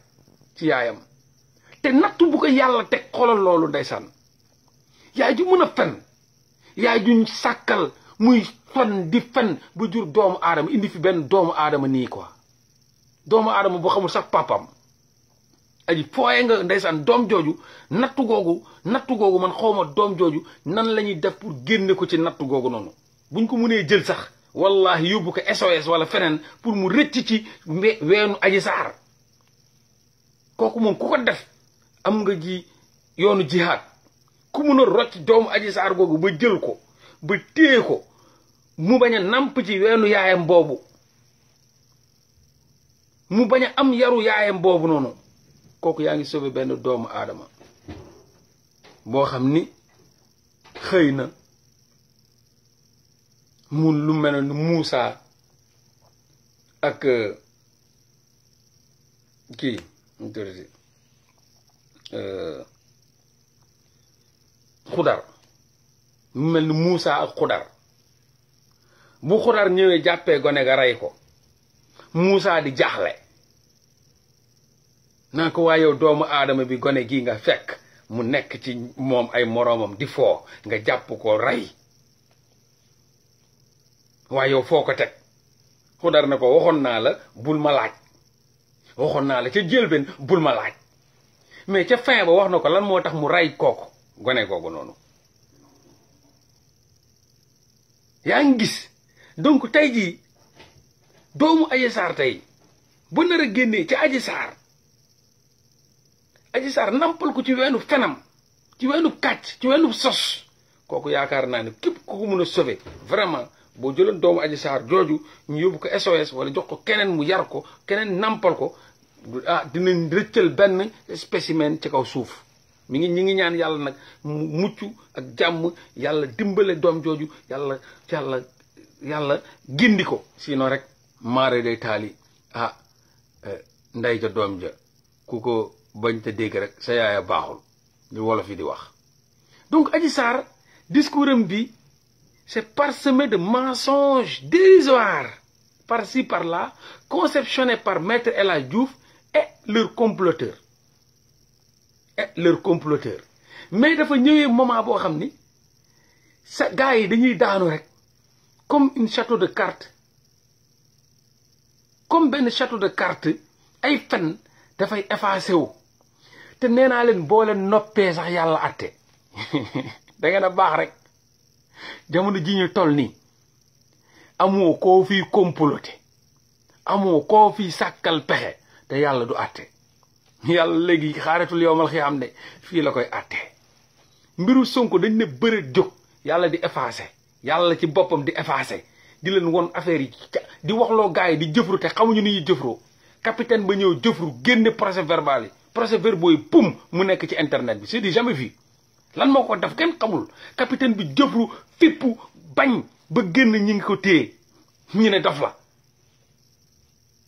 ci yaayam té natou bu ko yalla teg xolal lolu ndaysan yaay ju mëna a fen yaay ju sakal muy fan di fen bu jur dom adam indi fi ben dom adam ni quoi doomu aadama boo xamul sax papam aji fooye nga ndeysaan doom jooju nattu googu nattu googu man xawma doom jooju nan la ñuy def pour génne ko ci nattu googu noonu buñ ko mënee jël sax wallahi yóbbu ko SOS wala feneen pour mu rëcc ci weenu aji saar kooku moom ku ko def am nga ji yoonu jihaad ku mun a rocc doomu aji saar googu ba jël ko ba téye ko mu bañ a nàmp ci weenu yaayam boobu mu bañ a am yaru yaayam boobu noonu kooku yaa ngi sauvé benn doomu aadama boo xam ni xëy na mu lu mel ni Moussa ak euh, kii euh, xudar mu mel ni Moussa ak xudar bu xudar ñëwee jàppee gone ga rey ko musaa di jaaxle naa ko waaye yow doomu aadama bi gone gi nga fekk mu nekk ci moom ay moroomam di foo nga jàpp ko ray waaye yow foo ko teg xudar ne ko waxoon naa la bul ma laaj waxoon naa la ca jëlbeen bul ma laaj mais ca fin ba wax na ko lan moo tax mu rey kooku gone kooku noonu yaa ngi gis donc tey jii doomu aji saar tey bu nar a génnee ca aji saar Adji Sarr nampal ko ci weenu fenam ci weenu kàcc ci weenu sos kooku yaakaar naa ne képp ku ko mën a sauver vraiment boo jëloon doomu Adji Sarr jooju ñu yóbbu ko SOS wala jox ko keneen mu yar ko keneen nampal ko ah dinañ rëccal benn spécimen ci kaw suuf mi ngi ñi ngi ñaan yàlla nag mu mucc ak jàmm yàlla dimbale doom jooju yàlla yàlla yàlla gindi ko sinon rek maare day ah eh, nday ja doom ja ku ko bañ te rek sa donc Adji le discours bi c'est parsemé de mensonges dérisoires par-ci par-là conceptionnés par maître Eladjouf et leurs comploteurs et leurs comploteurs mais dafa ñëwee moment boo xam ni sa gars yi dañuy comme une château de cartes comme une château de cartes ay fen dafay effacé wu te nee naa leen boo leen noppee sax yàlla atte da a baax rek jamono ji ñu toll nii amoo koo fii comploté amoo koo fii sàkkal pexe te yàlla du atte yàlla léegi xaaratul yowmal am ne fii la koy atte mbiru Sonko dañ ne bëreet jóg yàlla di effacé yàlla ci boppam di effacé di leen won affaire yi di waxloo gars yi di jëfru te xamuñu ni ñuy jëfroo capitaine ba ñëw jëfru génne procès verbal procès verbaux yi pum mu nekk ci internet bi c'est di jamais vu lan moo ko def kenn xamul capitaine bi jëfru fippu bañ ba génn ñi ngi ko téye ñu ne dof la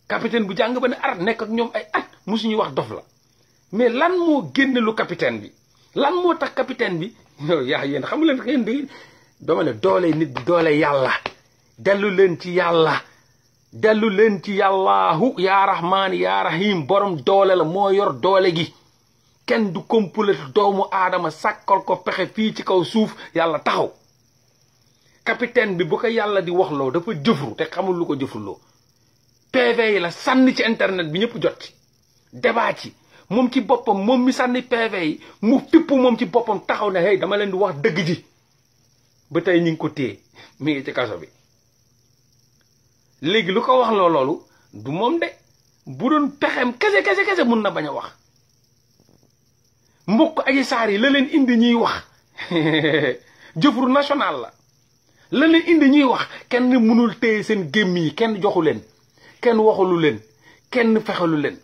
capitaine bu jàng ba ne arat nekk ak ñoom ay at musuñu wax dof la mais lan moo génne lu capitaine bi lan moo tax capitaine bi yaa yéen xamu leen yéen di dama doole nit bi doole yàlla dellu leen ci yàlla dellu leen ci yàllaahu yaa rahmaan yaa rahim borom doole la moo yor doole gi kenn du complet doomu aadama sàkkal ko pexe fii ci kaw suuf yàlla taxaw capitaine bi bu ko yàlla di wax waxloo dafa jëfru te xamul lu ko jëfruloo PV yi la sànni ci internet bi ñëpp jot ci débat ci moom ci boppam moom mi sànni PV yi mu pipp moom ci boppam taxaw ne hey dama leen di wax dëgg ji ba tey ñu ngi ko téye mu ngi ci kaso bi léegi lu ko wax loo loolu du moom de bu doon pexem kese kese kese mun na bañ a wax mbokk aji saar yi la leen indi ñuy wax jëfru national la la leen indi ñuy wax kenn mënul téye seen gémm yi kenn joxu leen kenn waxalu leen kenn fexelu leen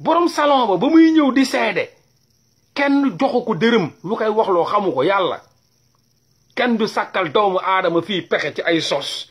borom salon ba ba muy ñëw di seede kenn joxu ko dërëm lu koy waxloo xamu ko yàlla kenn du sàkkal doomu aadama fii pexe ci ay sos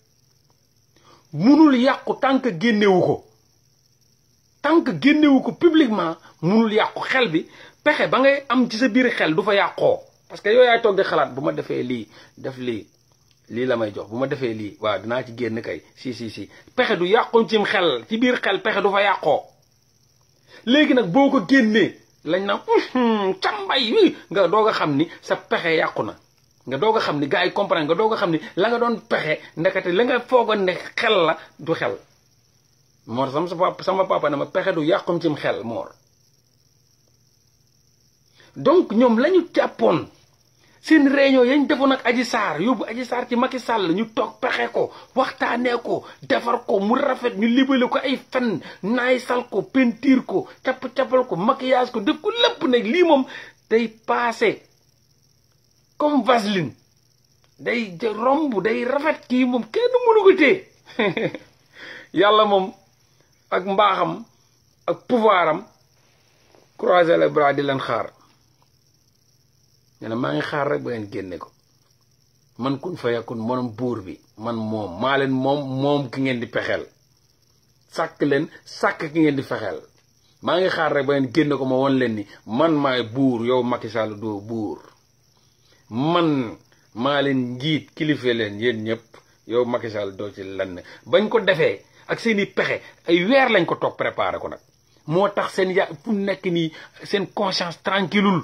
munul yàqu tànk génnewu ko tànk génnewu ko publiquement munul yàqu xel bi pexe ba ngay am ci sa biir xel du fa yàqoo parce que yow yaay toog xalaat bu ma defee lii def lii lii la may jox bu ma defee lii waaw dinaa ci génn kay si si si pexe du yàqu cim xel ci biir xel pexe du fa yàqoo léegi nag boo ko génnee lañ na càmbay wi nga doog a xam ni sa pexe yàqu na nga doog a xam ni gars yi comprendre nga doog xam ni la nga doon pexe ndekete la nga foogan ne xel la du xel moor sama sama papa na ma pexe du yàqum cim xel moor donc ñoom lañu ñu jàppoon seen réunion yañ defoon ak Adji Sarr yóbbu Adji Sarr ci Macky Sall ñu toog pexe ko waxtaanee ko defar ko mu rafet ñu libale ko ay fen naay sal ko peinture ko capp-cappal ko maquillage ko def ko lépp nag lii moom day passé comme vaseline day romb day rafet kii moom kenn mënu ko téye yàlla moom ak mbaaxam ak pouvoir am croiser les bras di leen xaar nee na maa ngi xaar rek ba ngeen génne ko man kun fa yakun manam buur bi man moom maa leen moom moom ki ngeen di pexeel sàkk leen sàkk ki ngeen di fexeel maa ngi xaar rek ba ngeen génne ko ma won leen ni man maay buur yow Macky Sall doo buur man malin len kili kilife len yen ñep yow Macky Sall doo ci lan bañ ko defé ak seeni pexé ay weer lañ ko toog préparé ko nak motax seen ya fu nekk nii seen conscience tranquillul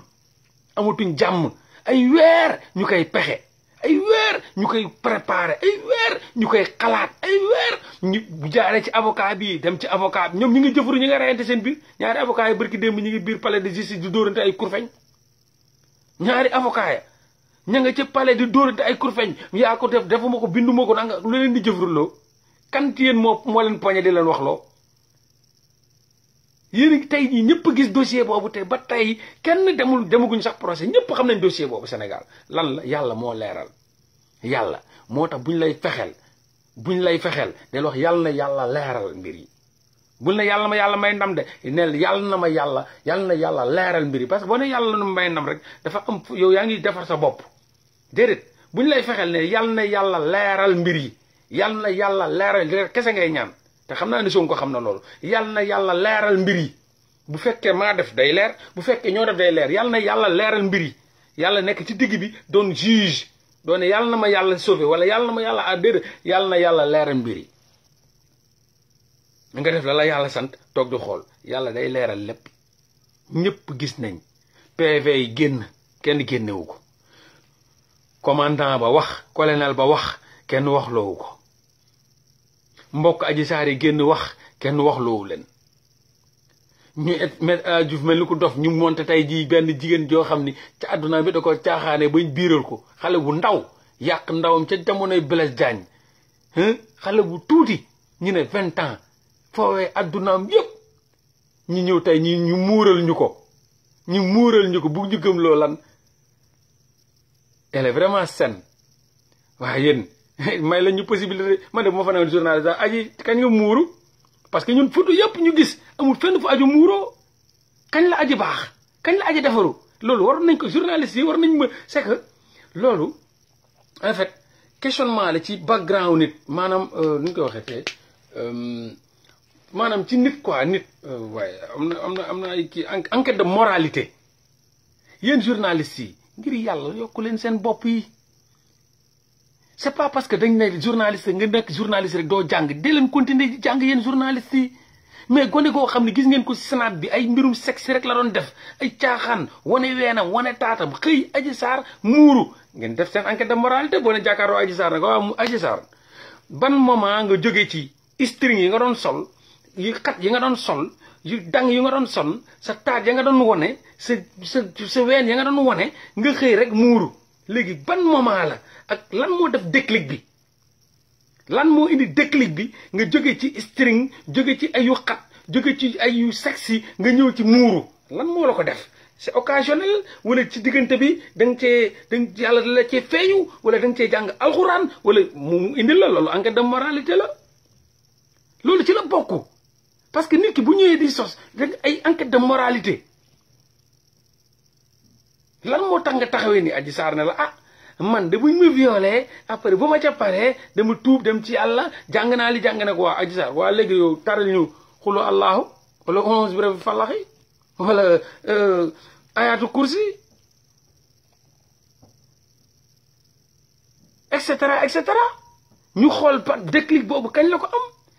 amatuñ jàmm ay weer ñukay pexé ay weer ñukay préparé ay weer ñukay xalaat ay weer ñu bu jaaré ci avocat bi dem ci avocat bi ñi ngi jëfuru ñi nga reyante seen biir ñaari avocat yi barki dem ñi ngi bir palais de justice du dorante ay ñaari avocat ya ña nga palais di dóorante ay kurfeñ ya ko def defuma ko bindu moko nanga lu leen di jëfruloo kan ti yeen mo mo leen pogné di leen lo yéen tay jii ñëpp gis dossier bobu tay ba tay kenn demul demuguñ sax procès ñëpp xam nañ dossier bobu Sénégal lan la yalla mo léral yalla moo tax buñ lay fexel buñ lay fexel del wax yalla na yalla léral mbir buñ la yalla ma yalla may ndam de neel yalla na ma yalla yalla na yalla léral mbir yi parce que bo ne yalla nu may ndam rek dafa am yow yaangi sa bop déedéet bu ñu lay fexeel ne yal na yàlla leeral mbir yi yal na yàlla leeral kese ngay ñaan te xam naa ne Sonko xam na loolu yal na yàlla leeral mbir yi bu fekkee maa def day leer bu fekkee ñoo def day leer yal na yàlla leeral mbir yi yàlla nekk ci digg bi doon juge doone yàlla na ma yàlla sauvé wala yàlla na ma yàlla ah déedéet na yàlla leeral mbir yi nga def la la yàlla sant togg di xool yàlla day leeral lépp ñëpp gis nañ PV yi génn kenn génnewu ko commandant ba wax colonel ba wax kenn wax loowu ko mbokk aji saar yi génn wax kenn wax loowu leen ñu met Diouf mel ni ku dof ñu monte tey jii benn jigéen joo xam ni ca àdduna bi da ko caaxaane bañ biiral ko xale bu ndaw yàq ndawam ca jamonoy Blaise Diagne xale bu tuuti ñu ne vingt ans foowee àddunaam yëpp ñu ñëw tey ñu ñu muural ñu ko ñu muural ñu ko bu ñu gëm loo lan elle est vraiment saine waaye yéen may la ñu possibilité man de bu ma fa newoon journaliste aji kañ nga muuru parce que ñun photo yëpp ñu gis amul fenn fu aju muuroo kañ la aji baax kañ la aji defaru loolu war nañ ko journaliste yi war nañ ma c'est loolu en fait questionnement la ci background nit maanaam euh, nu ñu koy waxee tey euh, maanaam ci nit quoi euh, waaye am na am na am na ay kii enquête de moralité yéen journaliste yi ngir yàlla yokk leen seen bopp yi c'est pas parce que dañ ne journaliste nga nekk journaliste rek doo jàng dee leen continuer di jàng yéen journaliste yi mais gone koo xam ne gis ngeen ko Sénat bi ay mbirum sexe rek la doon def ay caaxaan wane weenam wane taatam xëy Adji Sarr muuru ngeen def seen enquête de moralité boo ne jàkkaaroo Adji Sarr nag waaw Adji ban moment nga jógee ci string yi nga doon sol yi xat yi nga doon sol yu dang yu nga don son sa taaj ya nga don woné sa sa sa wén ya nga don woné nga xey rek muru légui ban moment la ak lan mo def déclic bi lan mo indi déclic bi nga joggé ci string joggé ci ayu xat joggé ci ayu sexy nga ñëw ci muru lan mo la ko def c'est occasionnel wala ci digënté bi dang ci dang da la ci feñu wala dang ci jang alcorane wala mu indi la lolu enquête de moralité la lolu ci la bokku parce que nit ki bu ñëwee di sos rek ay enquête dem moralité lan moo tax nga taxawee ni Adji Sarr ne la ah man de buñ ma violé après bu ma ca paree dama tuub dem ci yàlla jàng naa li jàng nag waa Adji Sarr waa léegi yow taral ñu xulu allahu wala onze bi rabi fallaxi wala euh, ayaatu kursi et cetera et cetera ñu xool par déclic boobu kañ la ko am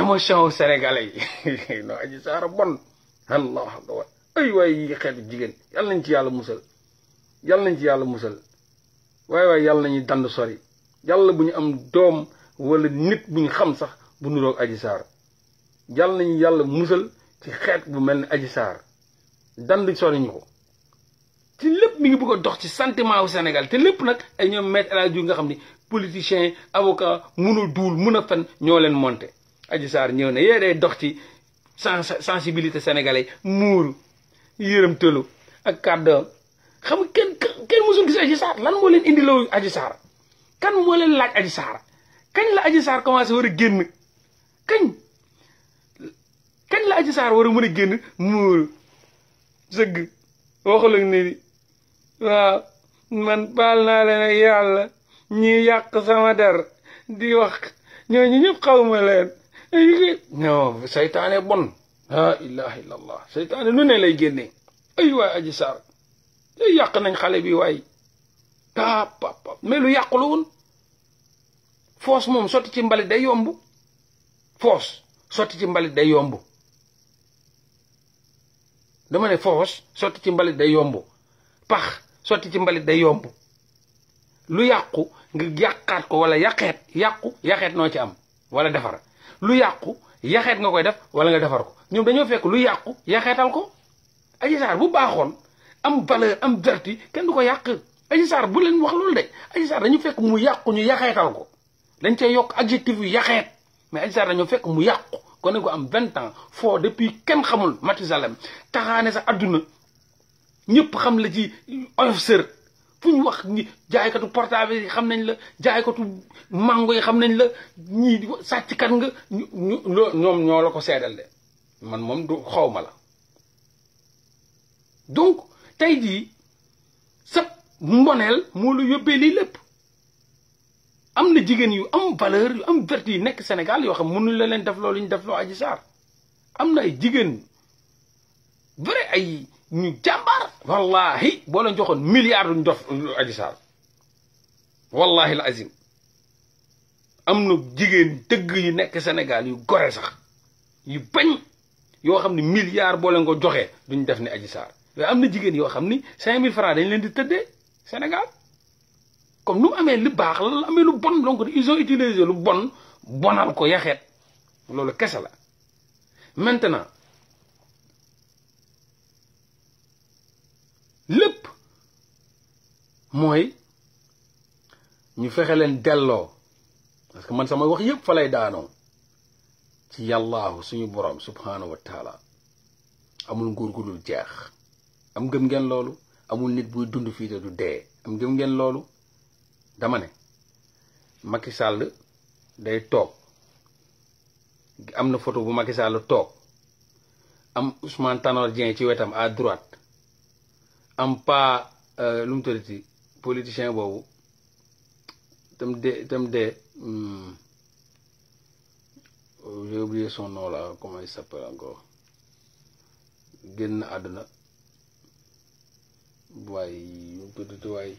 émotion sénégalais yi non aji saara bon allah akbar ay waay yi xeetu jigéen yàlla nañ ci yàlla musal yàlla nañ ci yàlla musal waaye waaye yàlla nañuy dand sori yàlla bu ñu am doom wala nit bu ñu xam sax bu nuroog aji saar yàlla nañu yàlla musal ci xeet bu mel ni aji saar dand sori ko ci lépp mi ngi bëgg a dox ci sentiment wu Sénégal te lépp nag ay ñoom maître El nga xam ni politicien avocat mun a duul mun a fen ñoo leen monté aji sar ñew na yéré dox ci sensibilité sénégalais muuru yërem tëlu ak cadeau xam nga kenn musul gis aji lan mo leen indi loo aji kan mo leen laaj aji saar kañ la aji saar commencé wara génn kañ kañ la aji saar wara mëna génn muuru zëgg waxul ak ne wa man bal na leen ak yàlla ñi sama der di wax ñu ñep xawma leen no saytaane bon la ilaha illallah saytaane nu ne lay génne ay waay aji sar day yàq nañ xale bi waay taa pap mais lu yàqu la woon foos moom sotti ci mbalit day yomb force, sotti ci mbalit day yomb dama ne foos sotti ci mbalit day yomb pax sotti ci mbalit day yomb lu yàqu nga yàqaat ko wala yàqeet yàqu yàqeet no ci am wala defar lu yàqu yaxeet nga koy def wala nga defar ko ñoom dañoo fekk lu yàqu yaxeetal ko Adji Sarr bu baaxoon am valeur am vertu kenn du ko yàq Adji Sarr bu leen wax loolu de Adji Sarr dañu fekk mu yàqu ñu yaxeetal ko dañ cee yokk adjectif yu yaxeet mais Adji Sarr dañoo fekk mu yàqu kon ne ko am vingt ans foo depuis kenn xamul Mathusalem taxaane sa adduna ñëpp xam la ci oyof sër fu ñu wax ni jaaykatu portable yi xam nañ la jaaykatu mango yi xam nañ la ñii sàcckat nga ñu ñoom ñoo la ko seedal de man moom du xaw ma la donc tey jii sa mboneel moo la yóbbee lii lépp am na jigéen yu am valeur yu am vertu yu nekk Sénégal yoo xam mënu la leen def loolu ñu def loo aji saar am na ay jigéen vrai ay ñu jàmbaar wallahi boo leen joxoon milliard duñ dof aji saar wallahi la azim am na jigéen tëgg yu nekk Sénégal yu gore sax yu bañ yoo xam ne milliard boole leen joxe joxee duñ def ni aji saar mais am na jigéen yoo xam ni cinq mille francs dañ leen di tëddee Sénégal comme nu amee lu baax la la amee lu bon donc ils ont utilisé lu bon bonal ko yaxeet loolu kese la maintenant lépp mooy ñu fexe leen delloo parce man sama wax yëpp fa lay daanoo ci yàllaahu suñu borom subhaanahu amul nguur gu jeex am gëm ngeen loolu amul nit buy dund fii te du dee am gëm ngeen loolu dama ne Macky day toog am na photo bu Macky Sall toog am Ousmane Tanor Dieng ci wetam à droite Ampa euh, lom toleti, politikyan wawo. Temde, temde, hmm. euh, jè oubliye son nan la, koman yi sape lanko. Gen adena. Bway, yon kote toway.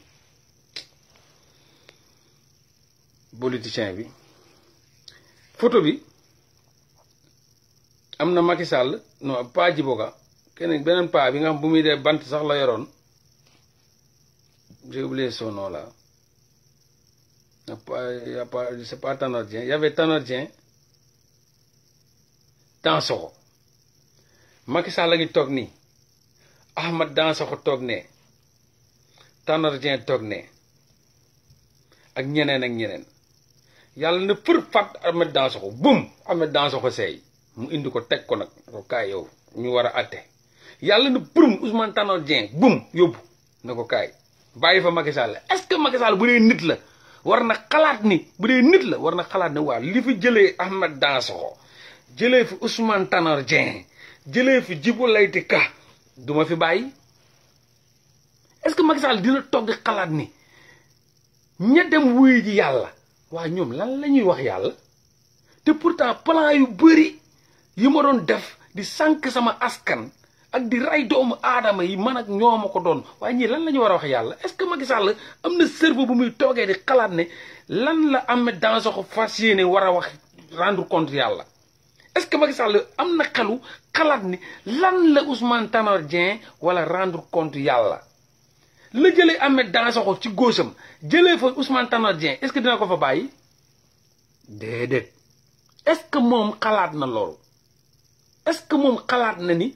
Politikyan vi. Foto vi, amna makisal, nan apajiboka, keneen benen pa bi nga xam bu muy dee bant sax la yoron j'ai oublié son nom là c'est pas Tanordien il y avait Tanordien danso Macky Sall la ngi tok ni Ahmad tok ne tanor Tanordien tok ne ak ñeneen ak ñeneen yalla ne për fat Ahmad Dansokho bum Ahmad ko sey mu indi ko tek ko nak ko kaay yow ñu wara atté yalla na Usman Ousmane Tanor dien bum yóbbu nako kay baye fa Macky Sall est ce que Macky Sall boudé nit la warna na ni boudé nit la warna na xalaat li fi jélé Ahmed Dansokho jélé fi Ousmane Tanor dien jélé fi djibou layti Ka du fi baye est ce que Macky Sall dina togg di ni ñe dem wuy ji yalla wa ñom lan lañuy wax yalla te pourtant plan yu bëri yi ma def di sank sama askan ak di rey doomu aadama yi man ak ñoo ma ko doon waaye ñii lan la ñu war a wax yàlla est-ce que Macky Sall am na cerveau bu muy toogee di kalaat ne lan la am Ahmed Dansokho fas yéene war a wax rendre compte yàlla. est-ce que Macky Sall am na xelu xalaat ni lan la Ousmane Tanor Dieng wala rendre compte yàlla la jëlee Ahmed Dansokho ci góosam jëlee fa Ousmane Tanor Dieng est-ce que dina ko fa bàyyi déedéet est-ce que moom xalaat na loolu est-ce que moom xalaat na ni.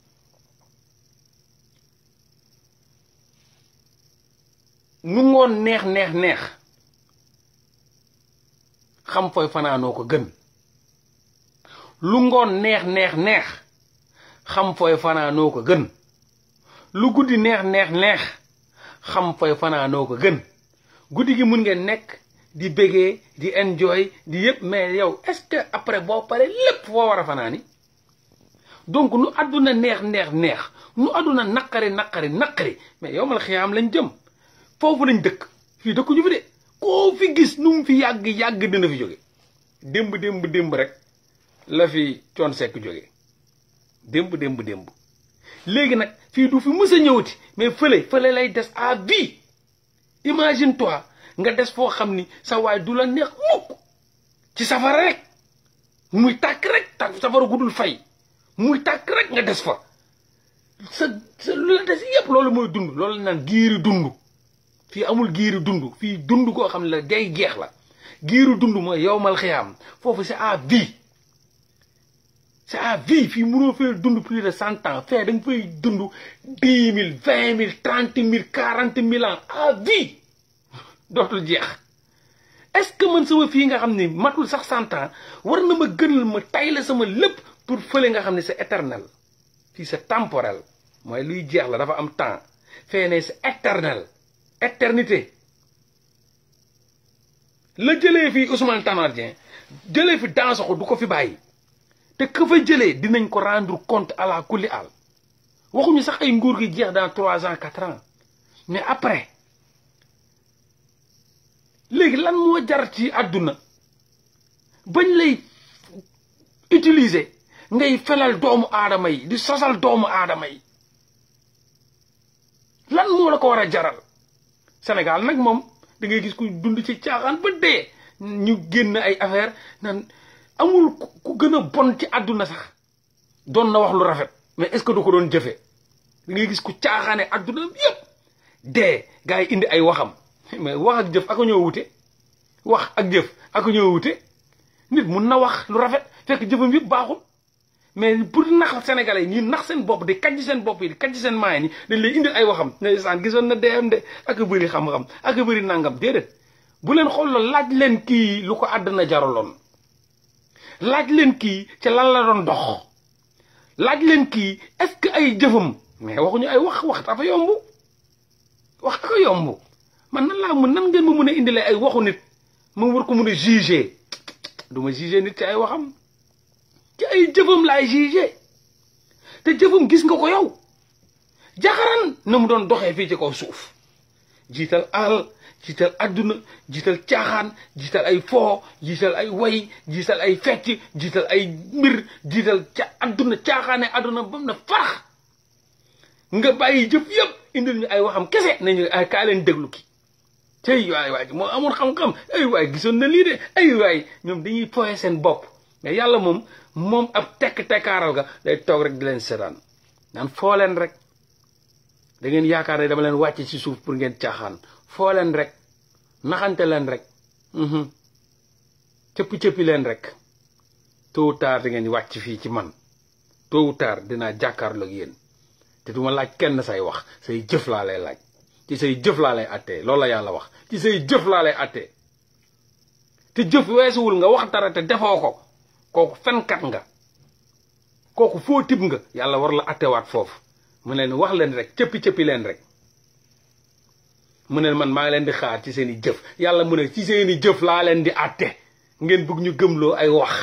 nu ngoon neex neex neex xam fooy fanaanoo ko gën lu ngoon neex neex neex xam fooy fanaanoo ko gën lu guddi neex neex neex xam fooy fanaanoo ko gën guddi gi mun ngeen nekk di bégee di enjoy di yëpp mais yow est-ce que après boo paree lépp foo war a fanaani donc nu àdduna neex neex neex nu àdduna naqari naqari naqari mais yow mal xiyaam lañ jëm foofu lañ dëkk fii dëkkuñu fi de koo fi gis nu mu fi yàgg yàgg dina fi jóge démb démb démb rek la fi coon sekk jóge démb démb démb léegi nag fii du fi mus a ñëwati mais fële fële lay des à vie imagine toi nga des foo xam ni sa waay du la neex mukk ci safara rek muy tàkk rek tàkk safara gudul fay muy tàkk rek nga des fa sa sa lu la des yëpp loolu mooy dund loolu naan giiri dund fii amul giiru dund fii dund koo xam ne la day jeex la giiru dund mooy yowmal am foofu c'est à vie c'est à vie fii mënoo fee dund plus de cent ans fee da nga fay dund dix mille vingt mille trente mille quarante mille ans à dootul jeex est-ce que man sama fii nga xam ni matul sax cent ans war na ma gënal ma tay la sama lépp pour fële nga xam ne c'est éternel fii c'est temporel mooy luy jeex la dafa am temps fee ne c'est éternel éternité Le jëlee fi Ousmane Tanor Dieng jëlee fi Dansokho du ko fi baye. te ka fa jëlee dinañ ko rendre compte à la kulli Waxu ñu sax ay nguur gi jeex dans 3 ans 4 ans mais après léegi lan mo jar ci aduna? bañ lay utiliser ngay felal doomu adamay di sosal doomu adamay. lan mo la ko war jaral Sénégal nag moom da ngay gis ku dund ci caaxaan ba dee ñu génn ay affaire nan amul ku gën a bon ci àdduna sax doon na wax lu rafet mais est-ce que du ko doon jëfee da ngay gis ku caaxaane àdduna yëpp dee gars yi indi ay waxam mais wax ak jëf ak a ñoo wute wax ak jëf ak a ñoo wute nit mun na wax lu rafet fekk jëfam yëpp baaxul mais pour nax sénégalais yi ñu nax seen bopp di kàjj seen bopp yi di kàjj seen maay yi dañ lay indil ay waxam ne saan gisoon na deem de ak bëri xam-xam ak bëri nangam déedéet bu leen xoolal laaj leen kii lu ko àddina jaraloon laaj leen kii ci lan la doon dox laaj leen kii est-ce que ay jëfam mais waxuñu ay wax wax dafa yomb wax dafa yomb man nan laa mun nan geen ma mun a indilee ay waxu nit ma war ko mun a juger du ma juger nit ci ay waxam. ci ay jëfam laay jugé te gis nga ko yow jaxaran na mu doon doxee fii ci jiital alal jiital adduna jiital caaxaan jiital ay foo jiital ay way jiital ay fecc jiital ay mbir jiital ca adduna caaxaane adduna bam na farax nga bàyyi jëf yëpp indil ñu ay waxam kese nañu ay kaa leen déglu ki waay waay moo amoon xam-xam ay waay gisoon na lii de ay waay ñoom dañuy foye seen bopp mais yalla mom mom ab tek tekaral ga day tok rek di len seetaan nan fo len rek da ngeen yaakaar ne dama len wacc ci souf pour ngeen tiaxan fo len rek naxante len rek cëpp mhm. cëppi len rek tôt ou tard ngeen wacc fi ci man tôt ou tard dina jàkkaarloo lo yeen te duma laaj kenn say wax say jëf la lay laaj ci say jëf la lay atté loolu la yalla wax ci say jëf la lay atté te jëf nga wax te kooku fenkat nga kooku foo tib nga yàlla war la attewaat foofu mu ne leen wax leen rek cëppi-cëppi leen rek mu ne man maa ngi leen di xaar ci seen i jëf yàlla mu ne ci seen i jëf laa leen di atte ngeen bëgg ñu gëmloo ay wax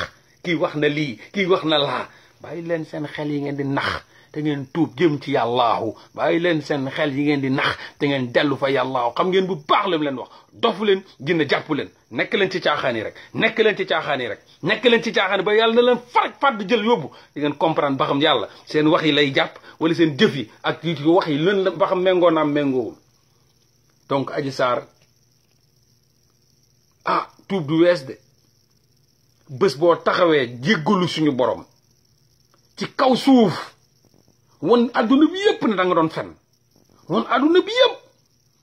kii wax na lii kii wax na laa bàyyi leen seen xel yi ngeen di nax te ngeen tuub jëm ci yàllaahu bàyyi leen seen xel yi ngeen di nax te ngeen dellu fa yàllaahu xam ngeen bu baax la leen wax dofu leen jinne jàpp leen nekk leen ci caaxaani yi rek nekk leen ci caaxaan yi rek nekk leen ci caaxaan yi ba yàlla na leen faraj fàdd jël yóbbu di ngeen comprendre ba xam yàlla seen wax yi lay jàpp wala seen jëf yi ak yi wax yi leen la ba xam méngoo naam donc aji saar ah tuub du wees de bés boo taxawee jéggalu suñu boroom ci kaw suuf won adduna bi yëpp ne da nga doon fen won adduna bi yëpp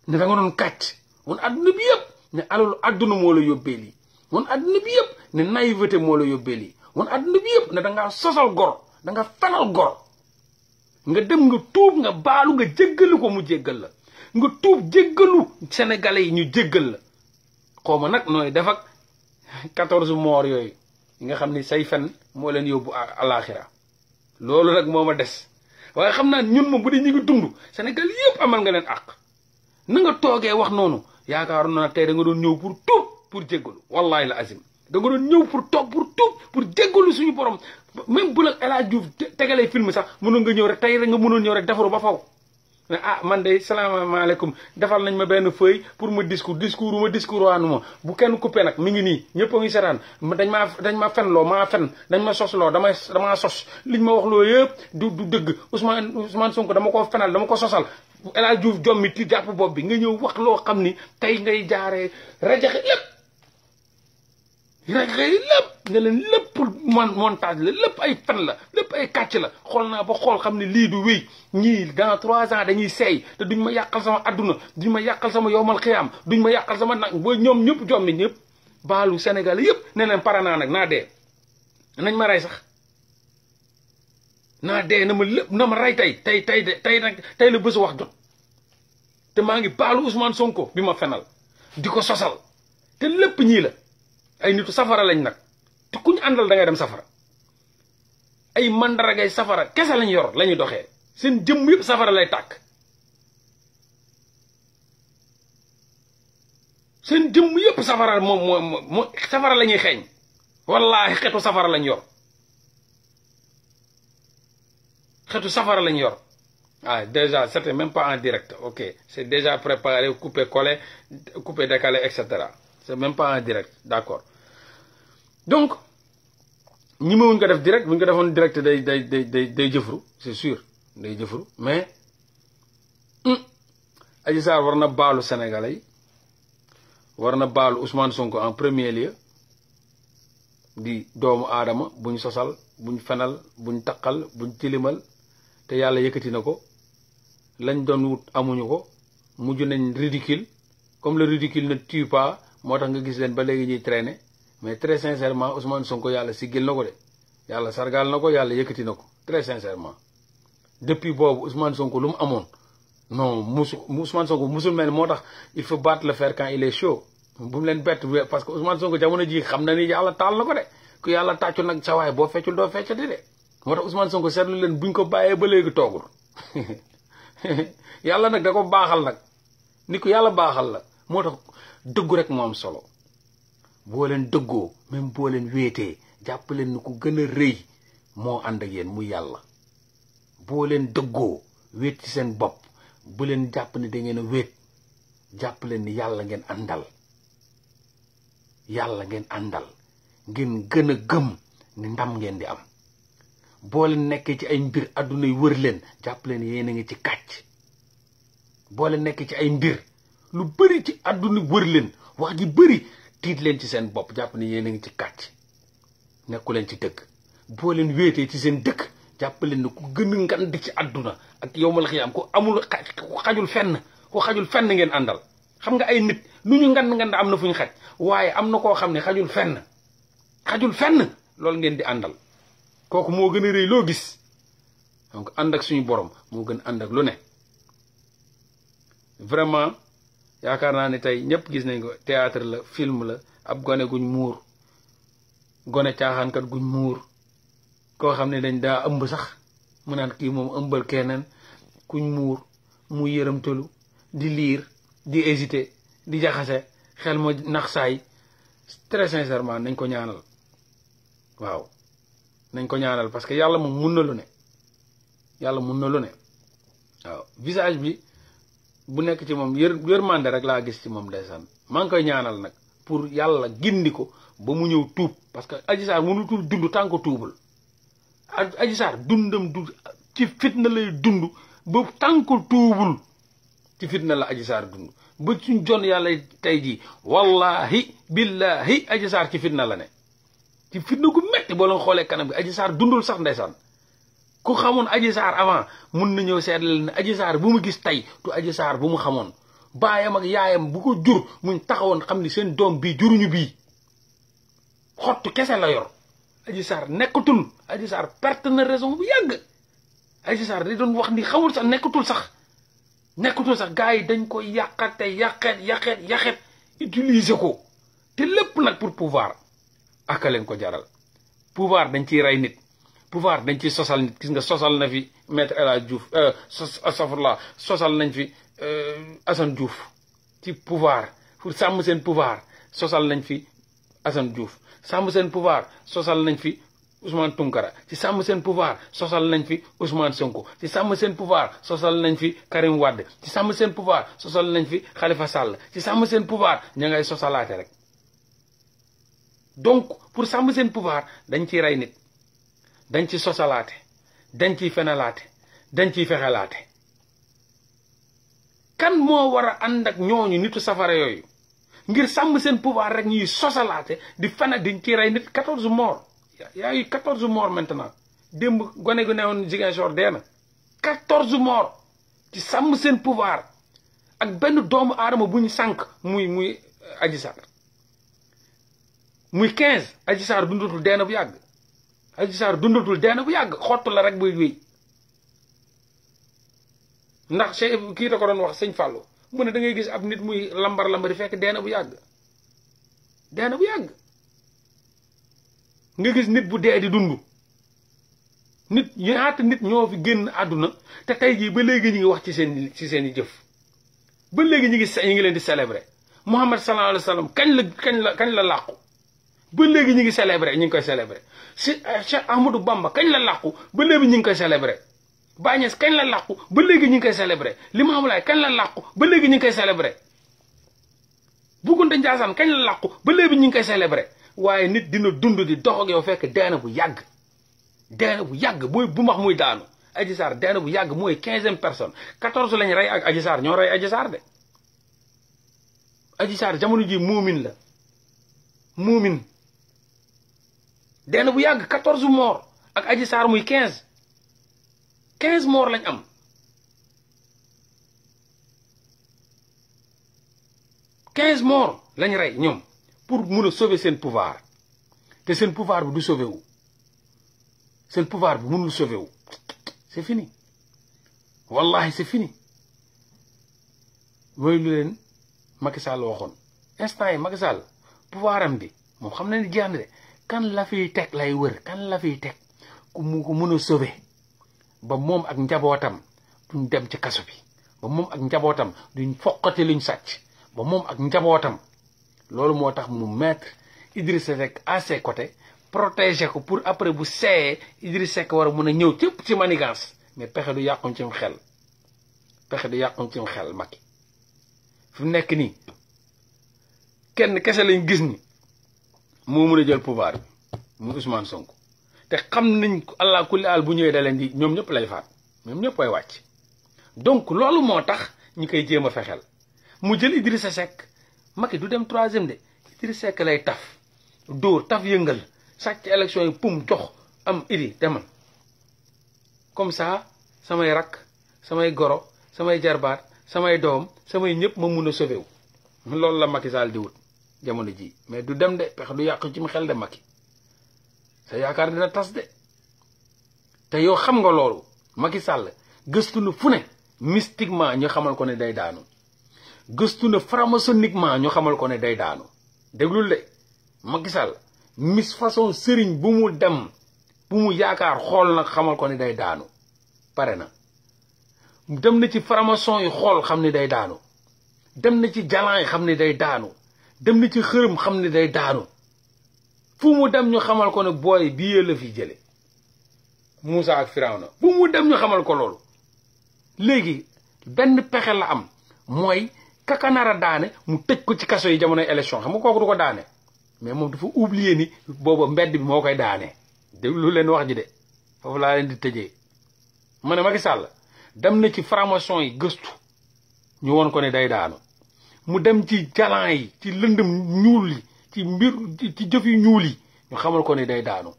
ne da nga doon kàcc won adduna bi yëpp ne alalu adduna moo la yóbbee lii won adduna bi yëpp ne naïveté moo la yóbbee lii won adduna bi yëpp ne da ngaa sosal gor da nga fenal gor nga dem nga tuub nga baalu nga jéggalu ko mu jéggal la nga tuub jéggalu sénégalais yi ñu jéggal la xaw ma nag nooy def ak quatorze morts yooyu yi nga xam ni say fen moo leen yóbbu àllaaxira loolu nag moo ma des waaye xam naa ñun moom bu dee ñu ngi dund Sénégal yëpp amal nga leen àq na nga toogee wax noonu yaakaaroon naa tey da nga doon ñëw pour tuub pour jéggalu wallahi la azim da nga doon ñëw pour toog pour tuub pour jéggalu suñu borom même bu la El Hadj Diouf tegalee film sax mënoon nga ñëw rek tey rek nga mënoon ñëw rek defaru ba faw ne ah man de salaamaaleykum defal nañ ma benn feuille pour ma discours discours ma discours waanu ma bu kenn coupé nag mi ngi nii ñëpp a ngi seetaan dañ maa dañ ma fenloo maa fen dañ ma sosloo dama damaa sos liñ ma wax loo yëpp du du dëgg Ousmane Ousmane Sonko dama ko fenal dama ko sosal El Hadj Diouf jommi ci jàpp bopp bi nga ñëw wax loo xam ni tey ngay jaaree rajaxe lépp rek rek lépp ne leen lépp montage la lépp ay fen la lépp ay kàcc la xool naa ba xool xam ne lii du wéy ñii dans trois ans dañuy seey te duñ ma yàqal sama adduna duñ ma yàqal sama yowmal xiyaam duñ ma yàqal sama nag ba ñoom ñëpp jommi ñëpp baalu Sénégal yëpp ne leen pare naa nag naa dee nañ ma rey sax naa dee na ma lépp na ma rey tey tey tey tey nag tey la bés wax jot te maa ngi baalu Ousmane Sonko bi ma fenal di ko sosal te lépp ñii la ay nitu safara lañ nag te ku ñu àndal da dem safara ay ngay safara kese lañ yor la ñuy doxee seen jëmm yëpp safara lay tàkk seen jëmm yëpp safara moom la ñuy xeeñ wallaahi xetu safara lañu yor xetu safara lañ yor ah déjà c'était même pas en direct ok c'est déjà préparé coupé collé coupé décalé et cetera c'est même pas en direct d'accord donc nous avons un direct nous direct de day c'est sûr day jëfru mais hum, Adji Sarr un na Sénégalais y a Ousmane Sonko en premier lieu di Dom Adama, buñ sosal buñ fenal buñ taqal buñ tilimal te yalla yëkëti nako lañ doon ko nañ ridicule comme le ridicule ne tue pas moo tax nga gis leen ba léegi ñuy traîner mais très sincèrement Ousmane Sonko yàlla siggil na ko de yàlla sargaal na ko yàlla yëkkati na ko très sincèrement depuis boobu Ousmane Sonko lu mu amoon non musu Ousmane Sonko musul mel moo tax il faut battre la fer quand il est chaud bu mu leen bett parce que son Sonko jamono jii xam na ni yàlla taal na ko de ku yàlla tàccul nag sa waay boo feccul doo feccati de moo tax Ousmane Sonko seetlu leen buñ ko bàyyee ba léegi toogul yàlla nag da ko baaxal nag ni ku yàlla baaxal la. moo tax dëggu rek moo am solo boo leen dëggoo même booleen wéetee jàpp leen ni ku gën a rëy moo ànd a yéen mu yàlla booleen leen dëggoo wéet ci seen bopp bu leen jàpp ne dangeen a wéet jàpp leen ni yàlla ngeen àndal yàlla ngeen àndal ngeen gën a gëm ni ndam ngeen di am boo nekkee ci ay mbir àdduna yi wër leen jàpp leen yéen a ngi ci kàcc boo leen nekkee ci ay mbir lu bari ci aduna wër leen wax bari tiit leen ci seen bop japp ni yéen ngi ci katch nekku leen ci dëkk bo leen wété ci seen dëkk japp leen ku gën ngand ci aduna ak yowmal ma ko amul xajul fenn ko xajul fenn ngeen andal xam nga ay nit lu ñu ngand ngand amna fuñ fu ñu xaj waaye am na koo xajul fenn xajul fenn lol ngeen di andal koku mo gëna reey lo gis donc andak suñu borom mogen gën andak lu ne vraiment yaakaar naa ne tey ñëpp gis nañ ko théâtre la film la ab gone guñ muur gone caaxaankat guñ muur koo xam ne dañ daa ëmb sax mu naan kii moom ëmbal keneen kuñ muur mu yërëmtalu di liir di hésité di jaxase xel ma nax saay très sincèrement nañ ko ñaanal waaw nañ ko ñaanal parce que yàlla moom mun na lu ne yàlla mun na lu ne waaw bu nekk ci moom yër yërmande rek laa gis ci moom ndeysaan maa ngi koy ñaanal nag pour yàlla gindi ko ba mu ñëw tuub parce que Adji Sarr mënutul dund tant que tuubul Adji Sarr dundam du ci fitna lay dund ba tant que tuubul ci fitna la Adji Sarr dund ba suñ jon yàlla tey jii wallahi billahi Adji Sarr ci fitna la ne ci fitna gu metti boo leen xoolee kanam gi Adji Sarr dundul sax ndeysaan ku xamoon Adji Sarr avant mun na ñëw seetle ne Adji Sarr bu mu gis tey du Adji Sarr bu mu xamoon baayam ak yaayam bu ko jur muñ taxawoon xam ni seen doom bii juruñu bii xottu kese la yor Adji Sarr nekkatul Adji Sarr perte na réseau bu yàgg Adji Sarr di doon wax ni xamul sax nekkatul sax nekkatul sax gars yi dañ ko yàqate yàqet yàqet yàqet utiliser ko te lépp nag pour pouvoir aka ko jaral pouvoir dañ ciy rey nit pouvoir dañ ciy sosal nit gis nga sosal na fi maître El Hadj Diouf euh, sos astafurlah sosal nañ fi euh, Assane Diouf ci pouvoir pour sàmm seen pouvoir sosal nañ fi Assane Diouf sàmm seen pouvoir sosal nañ fi Ousmane Tunkara ci sàmm seen pouvoir sosal nañ fi Ousmane Sonko ci sàmm seen pouvoir sosal nañ fi Karim Wade ci sàmm seen pouvoir sosal nañ fi Khalifa Sall ci sàmm seen pouvoir ña ngay sosalaate rek donc pour sàmm seen pouvoir dañ ciy rey nit. dañ ci sosalaate dañ ciy fenalaate dañ ciy fexelaate kan moo war a ànd ak ñooñu nitu safara yooyu ngir sàmm seen pouvoir rek ñuy sosalaate di fena di ci rey nit quatorze morts yaa yu quatorze morts maintenant démb gone gu newoon Ziguinchor dee na quatorze morts ci sàmm seen pouvoir ak benn doomu aadama bu ñu sànq muy muy Adji Sarr muy quinze Adji Sarr dundutul dee na bu yàgg aji sar dundutul deena bu yag xottu la rek bu wi ndax sey ki da ko don wax seigne fàllu mu ne da ngay gis ab nit muy lambar lambari fek deena bu yag deena bu yag nga gis nit bu dee di dund nit ñaata nit ñoo fi gin aduna te tay jii ba legi ñi ngi wax ci seen ci seen jëf ba legi ñi ngi ngi leen di célébrer muhammad sallallahu alayhi Wasallam kan kañ la kañ la kañ la ba léegi ñu ngi célébré ñu ngi koy célébré si eh, Cheikh Ahmadou Bamba kañ la làqu ba léegi ñu ngi koy célébré Baye Niass kañ la làqu ba léegi ñu ngi koy célébré Limamou Laye kañ la làqu ba léegi ñu ngi koy célébré Bougounta Ndiassane kañ la làqu ba léegi ñu ngi koy célébré waaye nit dina dund di dox ak yow fekk deena bu yàgg deena bu yàgg booy bu max muy daanu Adji Sarr deena bu yàgg mooy quinzième personne quatorze lañ rey ak Adji Sarr ñoo a Adji Sarr de Adji Sarr jamono ji muumin la muumin Dan Bouyang, 14 morts. Et Adji Sarr, 15. 15 morts, nous 15 morts, nous Pour nous sauver son pouvoir. Et son pouvoir ne sauver où Son pouvoir ne nous sauver où C'est fini. Wallahi, c'est fini. Moi, je vais vous je vais vous dire, je vous dire, je vais kan la fi tek lay wër kan la fi tek ku mu ko mëna sauver ba mom ak njabotam duñ dem ci kasso bi ba mom ak njabotam duñ fokkati luñ sacc ba mom ak njabotam lolu motax mu maître idriss avec à ses côtés protéger ko pour après bu sé idriss Seck war mëna ñëw cëpp ci manigance mais pexé du ci xel pexé du ci xel makki fu nekk kenn kessé lañ gis ni mo meuna jël pouvoir bi mu Ousmane Sonko té xam nañ allah kulli al bu ñëwee dalen di ñom ñëpp lay faat ñom ñëpp way wacc donc lolu motax ñi ñu koy jéem fexel mu jël Idrissa Seck maké du dem 3e dé Idrissa Seck lay taf door taf yëngal sacc élection yi pum jox am idi demal comme ça samay rak samay goro samay jarbaat samay dom samay ñëpp ma mëna a sauvé wu lolu la Macky Sall di wut jamono ji mais du dem de pexe du yàq ci mu xel de Macky sa yaakaar dina tas de te yow xam nga loolu Macky Sall gëstu na fu ne mystiquement ñu xamal ko ne day daanu gëstu na franc ñu xamal ko ne day daanu déglul de Macky Sall mis façon sëriñ bu mu dem bu mu yaakaar xool na xamal ko ne day daanu pare na dem na ci franc-maçon yi xool xam ni day daanu dem na ci jalan yi xam ne day daanu dem na ci xërëm xam ne day daanu fu mu dem ñu xamal ko ne booy bii la fi jële Moussa ak Firawna fu mu dem ñu xamal ko loolu léegi benn pexe la am mooy kakanara daane mu tëj ko ci kaso yi jamonoy élection xam nga ko du ko daane mais moom dafa oublier ni booba mbedd bi moo koy daane déglu leen wax ji de foofu laa leen di tëjee ma ne Macky Sall dem na ci formation yi gëstu ñu woon ko ne day daanu mu dem ci jalan yi ci lëndëm ñuul yi ci mbir ci jëf yu ñuul yi ñu xamal ko ne day daanu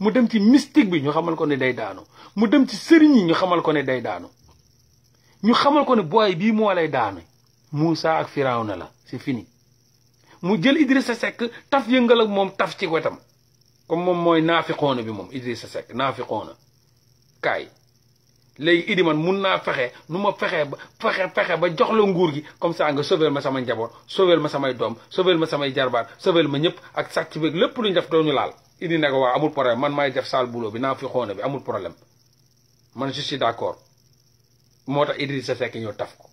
mu dem ci mystique bi ñu xamal ko ne day daanu mu dem ci sëriñ yi ñu xamal ko ne day daanu ñu xamal ko ne booy bii moo lay daanu Moussa ak na la c'est fini mu jël Idrissa Seck taf yëngal ak moom taf ci wetam comme moom mooy naafiqoona bi moom sa Seck naafiqoona kaay léegi idi man mun naa fexe nu ma fexe ba fexe fexe ba jox la nguur gi comme saa nga sauver ma sama njaboot sauver ma samay doom sauver ma samay jarbaat sauver ma ñëpp ak sàcc beeg lépp lu ñu def doo ñu laal. idi ne ko waa amul problème man maay def sale boulot bi naa fi xoone bi amul problème man je suis d'accord moo tax sa Seck ñëw taf ko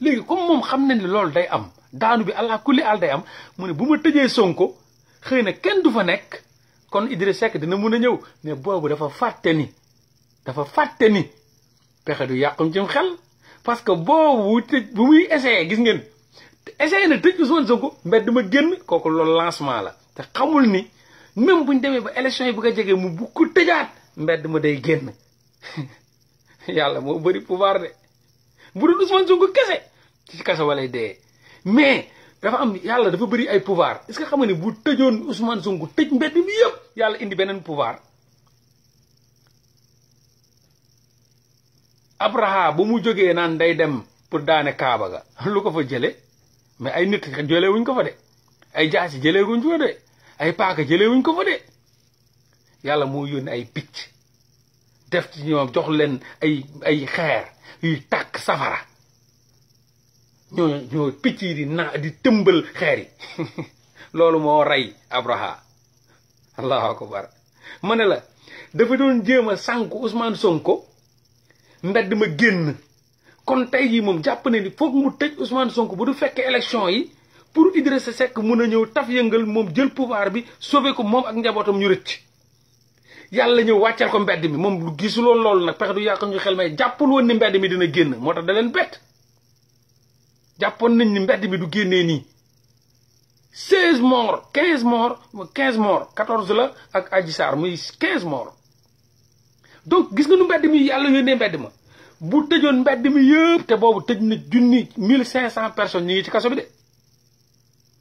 léegi comme moom xam na ne loolu day am daanu bi allah kulli al day am mu ne bu ma tëjee Sonko xëy na kenn du fa nekk kon Idrissa sekk dina mun a ñëw mais boobu dafa fàtte ni. dafa fàtte ni pexe du yàqum cim xel parce que boobu tëj bu muy essayé gis ngeen essayé na tëj Ousmane Sonko mbedd ma génn kooku loolu lancement la te xamul ni même bu ñu demee ba élection yi bëgg a jege mu bu ko tëjaat mbedd ma day génn yàlla moo bëri pouvoir de bu dul Ousmane Sonko kese ci kasa walay dee mais dafa am yàlla dafa bëri ay pouvoir est-ce que xam nga ne bu tëjoon Ousmane Sonko tëj mbedd mi yëpp yàlla indi beneen pouvoir abraha ba mu jógee naan day dem pour daane kaaba ga lu ko fa jële mais ay nit jëlee wuñ ko fa de ay jaasi jële wuñ ko fa de ay paaka jële wuñ ko fa de yàlla moo yónni ay picc def ci ñoom jox leen ay ay xeer yuy tàkk safara ñoo picc yi di na di tëmbal xeer yi loolu moo rey abraha allahu akbar ma ne la dafa doon jéem a sànku Ousmane ko mbedd ma génn kon tey jii moom jàpp na ni foog mu tëj Ousmane Sonko bu du fekkee élection yi pour sa Seck mun a ñëw taf yëngal moom jël pouvoir bi sauver ko moom ak njabootam ñu rëcc yàlla ñëw wàccal ko mbedd mi moom gisuloon loolu nag pexe du yàq ñu xel may jàppul woon ni mbedd mi dina génn moo tax da leen bett jàppoon nañ ni mbedd mi du génnee nii seize morts quinze morts quinze morts quatorze la ak Adji Sarr muy quinze morts donc gis nga nu mbedd mi yàlla yónnee mbedd ma bu tëjoon mbedd mi yëpp te boobu tëj na junni mille cinq cent personnes ñu ngi ci kaso bi de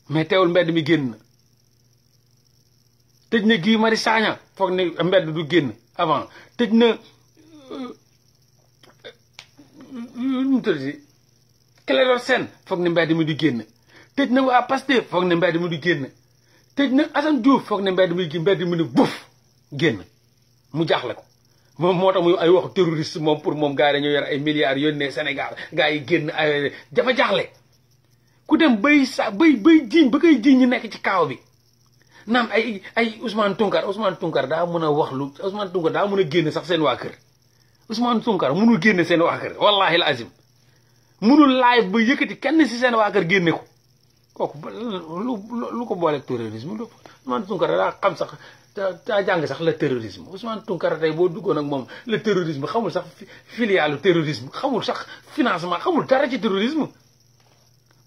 mais teewul mbedd mi génn na tëj na Guy Marius Sagna foog ne mbedd du génn avant tëj na euh, euh, mu tëdd foog ne mbedd mi du génn tëj na waa Pastef foog ne mbedd mi du génn tëj na Assane Diouf foog ne mi mbedd mi du buuf génn mu jaaxle moom moo tax muy ay wax terroriste moom pour moom gars yi dañoo yor ay milliards yónnee Sénégal gars yi génn ay dafa jaaxle ku dem bay sa bay bay jiñ ba jiñ jiiñ ñi nekk ci kaaw bi nam ay ay Ousmane Tounkara Ousmane Tounkara daa mën a wax lu Ousmane Tounkara daa mën a génne sax seen waa kër Ousmane Tounkara mënul génne seen waa kër wallahi la azim mënul live ba yëkkati kenn si seen waa kër génne ko kooku lu lu ko booleeg terrorisme Ousmane Tounkara daa xam sax ta jàng sax le terrorisme Ousmane Tounkara tey boo duggoon ak moom le terrorisme xamul sax filialu terrorisme xamul sax financement xamul dara ci terrorisme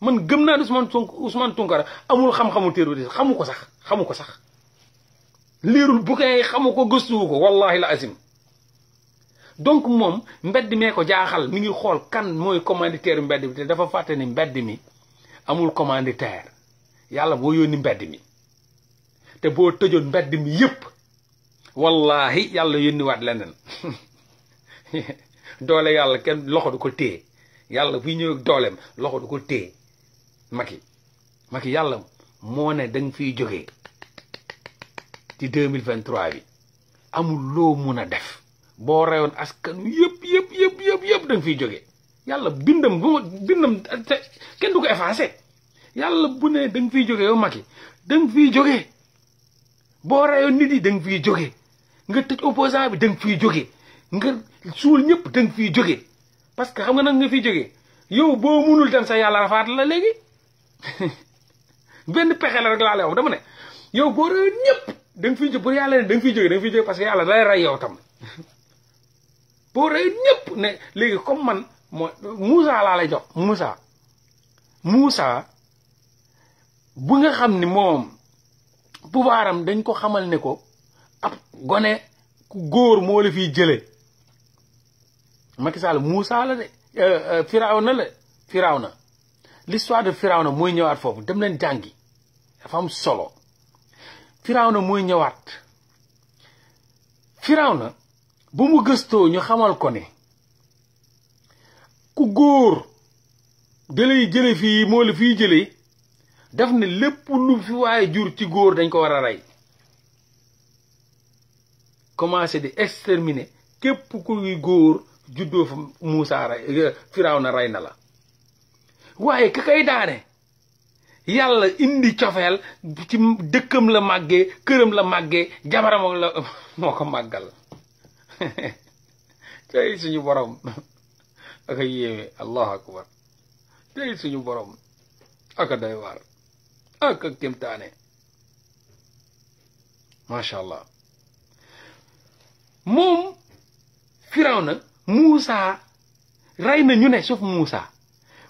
man gëm naa ne Ousmane Ousmane Tounkara amul xam-xamu terrorisme xamu ko sax xamu ko sax liirul bouquin yi xamu ko gëstuwu ko wallahi la asim donc moom mbedd mee ko jaaxal mi ngi xool kan mooy commanditaire mbedd bi te dafa fàtte ni mbedd mi amul commanditaire yàlla moo yónni mbedd mi te boo tëjoon mbedd mi yëpp wallahi yàlla yónniwaat leneen doole yàlla kenn loxo du ko téye yàlla buy ñëw dooleem loxo du ko téye Macky Macky yàlla moo ne da nga fiy jógee ci mille vingt trois bi amul loo mun a def boo reyoon askan yëpp yëpp yëpp yëpp yëpp da nga fiy jógee yàlla bindam bu bindam kenn du ko effacé yàlla bu ne da nga jóge jógee yow Macky da jóge boo rayoon nit di dang fii fiy jóge nga tëj opposant bi da nga jóge nga suul ñëpp dang fii fiy jóge parce que xam nga nag nga fiy jóge yow boo munul dem sa yàlla rafaat la léegi benn pexe la rek laa lay dama ne yow boo rayoon ñëpp da nga bu yàlla ne da nga fiy jóge da nga fiy jóge parce que yàlla dalay ray yow tam boo rayoon ñëpp ne léegi comme man mooy Moussa laa lay jox Moussa Moussa bu nga xam ni moom pouvoiram dañ ko xamal ne ko ab gone ku góor moo la fiy jëlee Macky Sall Moussa la de euh, euh, Firawna la Firawna l'histoire de Firawna mooy ñëwaat foofu dem leen jàngi dafa am solo na mooy ñëwaat na bu mu gëstoo ñu xamal ko ne ku góor dalay jële fii moo la fiy jëlee daf ne lépp lu fi waaye jur ci góor dañ ko war a rey commencé di exterminer képp kuy góor juddoo fa Muusa rey eh, Firaaw na rey na la waaye ka kay daane yàlla indi cofeel ci dëkkam la màggee këram la màggee jabaram la moo ko màggal tey suñu borom aka yéeme allahu akbar tey suñu borom aka doy waar ak ak kéemtaane macha allah moom Firawna Muusa rey na ñu ne sauf Muusa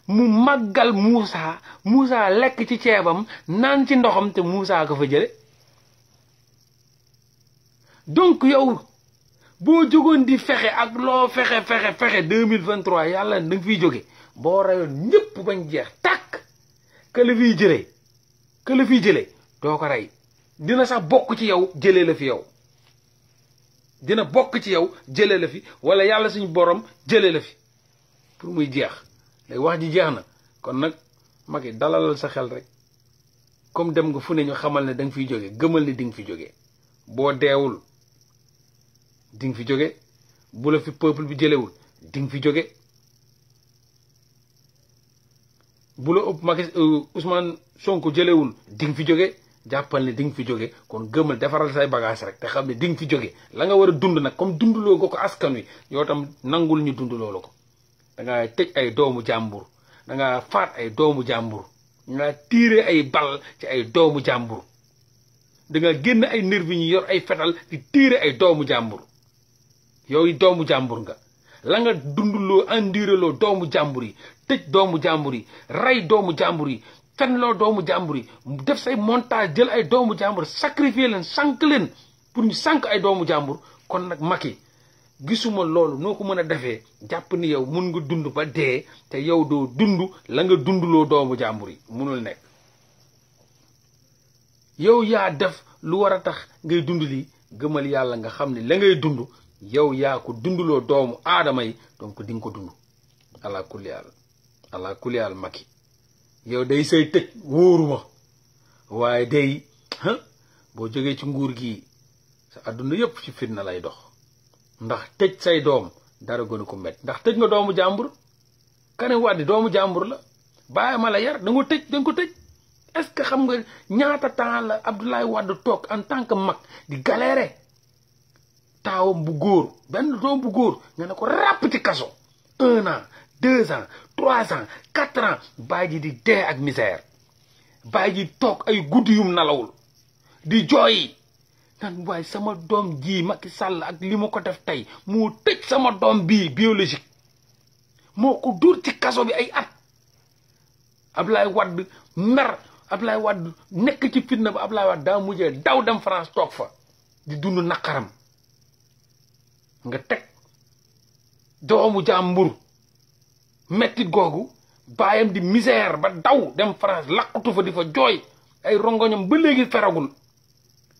mu màggal Muusa Muusa lekk ci ceebam naan ci ndoxam te Muusa ko fa jële donc yow boo jógoon di fexe ak loo fexe fexe fexe deux mille vingt trois yàlla da nga fiy jóge boo reyoon ñëpp bañ jeex tak que la fiy jëlee que la fiy jëlee doo ko rey dina sax bokk ci yow jëlee la fi yow dina bokk ci yow jëlee la fi wala yàlla suñu borom jëlee la fi pour muy jeex léegi wax ji jeex na kon nag magi dalalal sa xel rek comme dem nga fu ne ñu xamal ne da nga fiy jóge gëmal ne di nga fi jóge boo deewul di fi jóge bu la fi peuple bi jëlewul di fi jóge bu la ëpp Macky euh, Ousmane Sonko jëlewul ding fi jóge jappal ni ding fi jóge kon gëmal defaral say bagage rek te xam ding fi jóge la nga wara dund nak comme dunduloo ko askan wi yow tam nangul ñu dunduloo la ko da nga tej ay doomu jambour da nga faat ay doomu jambour nga ngaa ay bal ci ay doomu jambour da nga genn ay nerve ñu yor ay fetal di tiire ay doomu jàmbur yooyu doomu jambour nga la nga dundulo andirelo doomu jambour yi tej doomu jàmbur ray doomu jàmbur yi fenloo doomu def say montage jël ay doomu jàmbur sacrifier leen sank leen pour ñu sank ay doomu jàmbur kon nag maki gisuma loolu noo ko mën a defee jàpp ni yow mun nga dund ba dee te yow doo dund la nga dundloo doomu jàmbur munul yow yaa def lu war a tax ngay dund li gëmal yàlla nga xam ne la ngay dund yow yaa ko dundloo doomu aadama yi donc di nga ko dund ala kulli yàlla allah kulli mag yi yow day say tëj wóoruma waaye day boo jógee ci nguur gi sa àdduna yépp ci fitna lay dox ndax tëj say doom dara gënu ko met ndax tëj nga doomu jàmbur kane wàddi doomu jàmbur la bàyyi ma la yar da tëj da ko tëj est-ce que xam nga ñaata temps la Abdoulaye Wade toog en tant que mag di galérer taawam bu góor benn doom bu góor nga ne ko ràpp ci kaso un deux ans trois ans quatre ans baay ji di dee ak misère baay ji toog ay guddi yum nalawul di jooy nan waaye sama doom ji Macky sàll ak li mu ko def tey moo tëj sama doom bii biologique moo ko dur ci kaso bi ay at Ablaye Wade mer Ablaye wadd nekk ci fitna ba Ablaye Wade daa mujjee daw dem France toog fa di dund naqaram nga teg doomu jàmbur mettit googu baayam di misère ba daw dem France laqatu fa di fa jooy ay rongoñam ba léegi feragul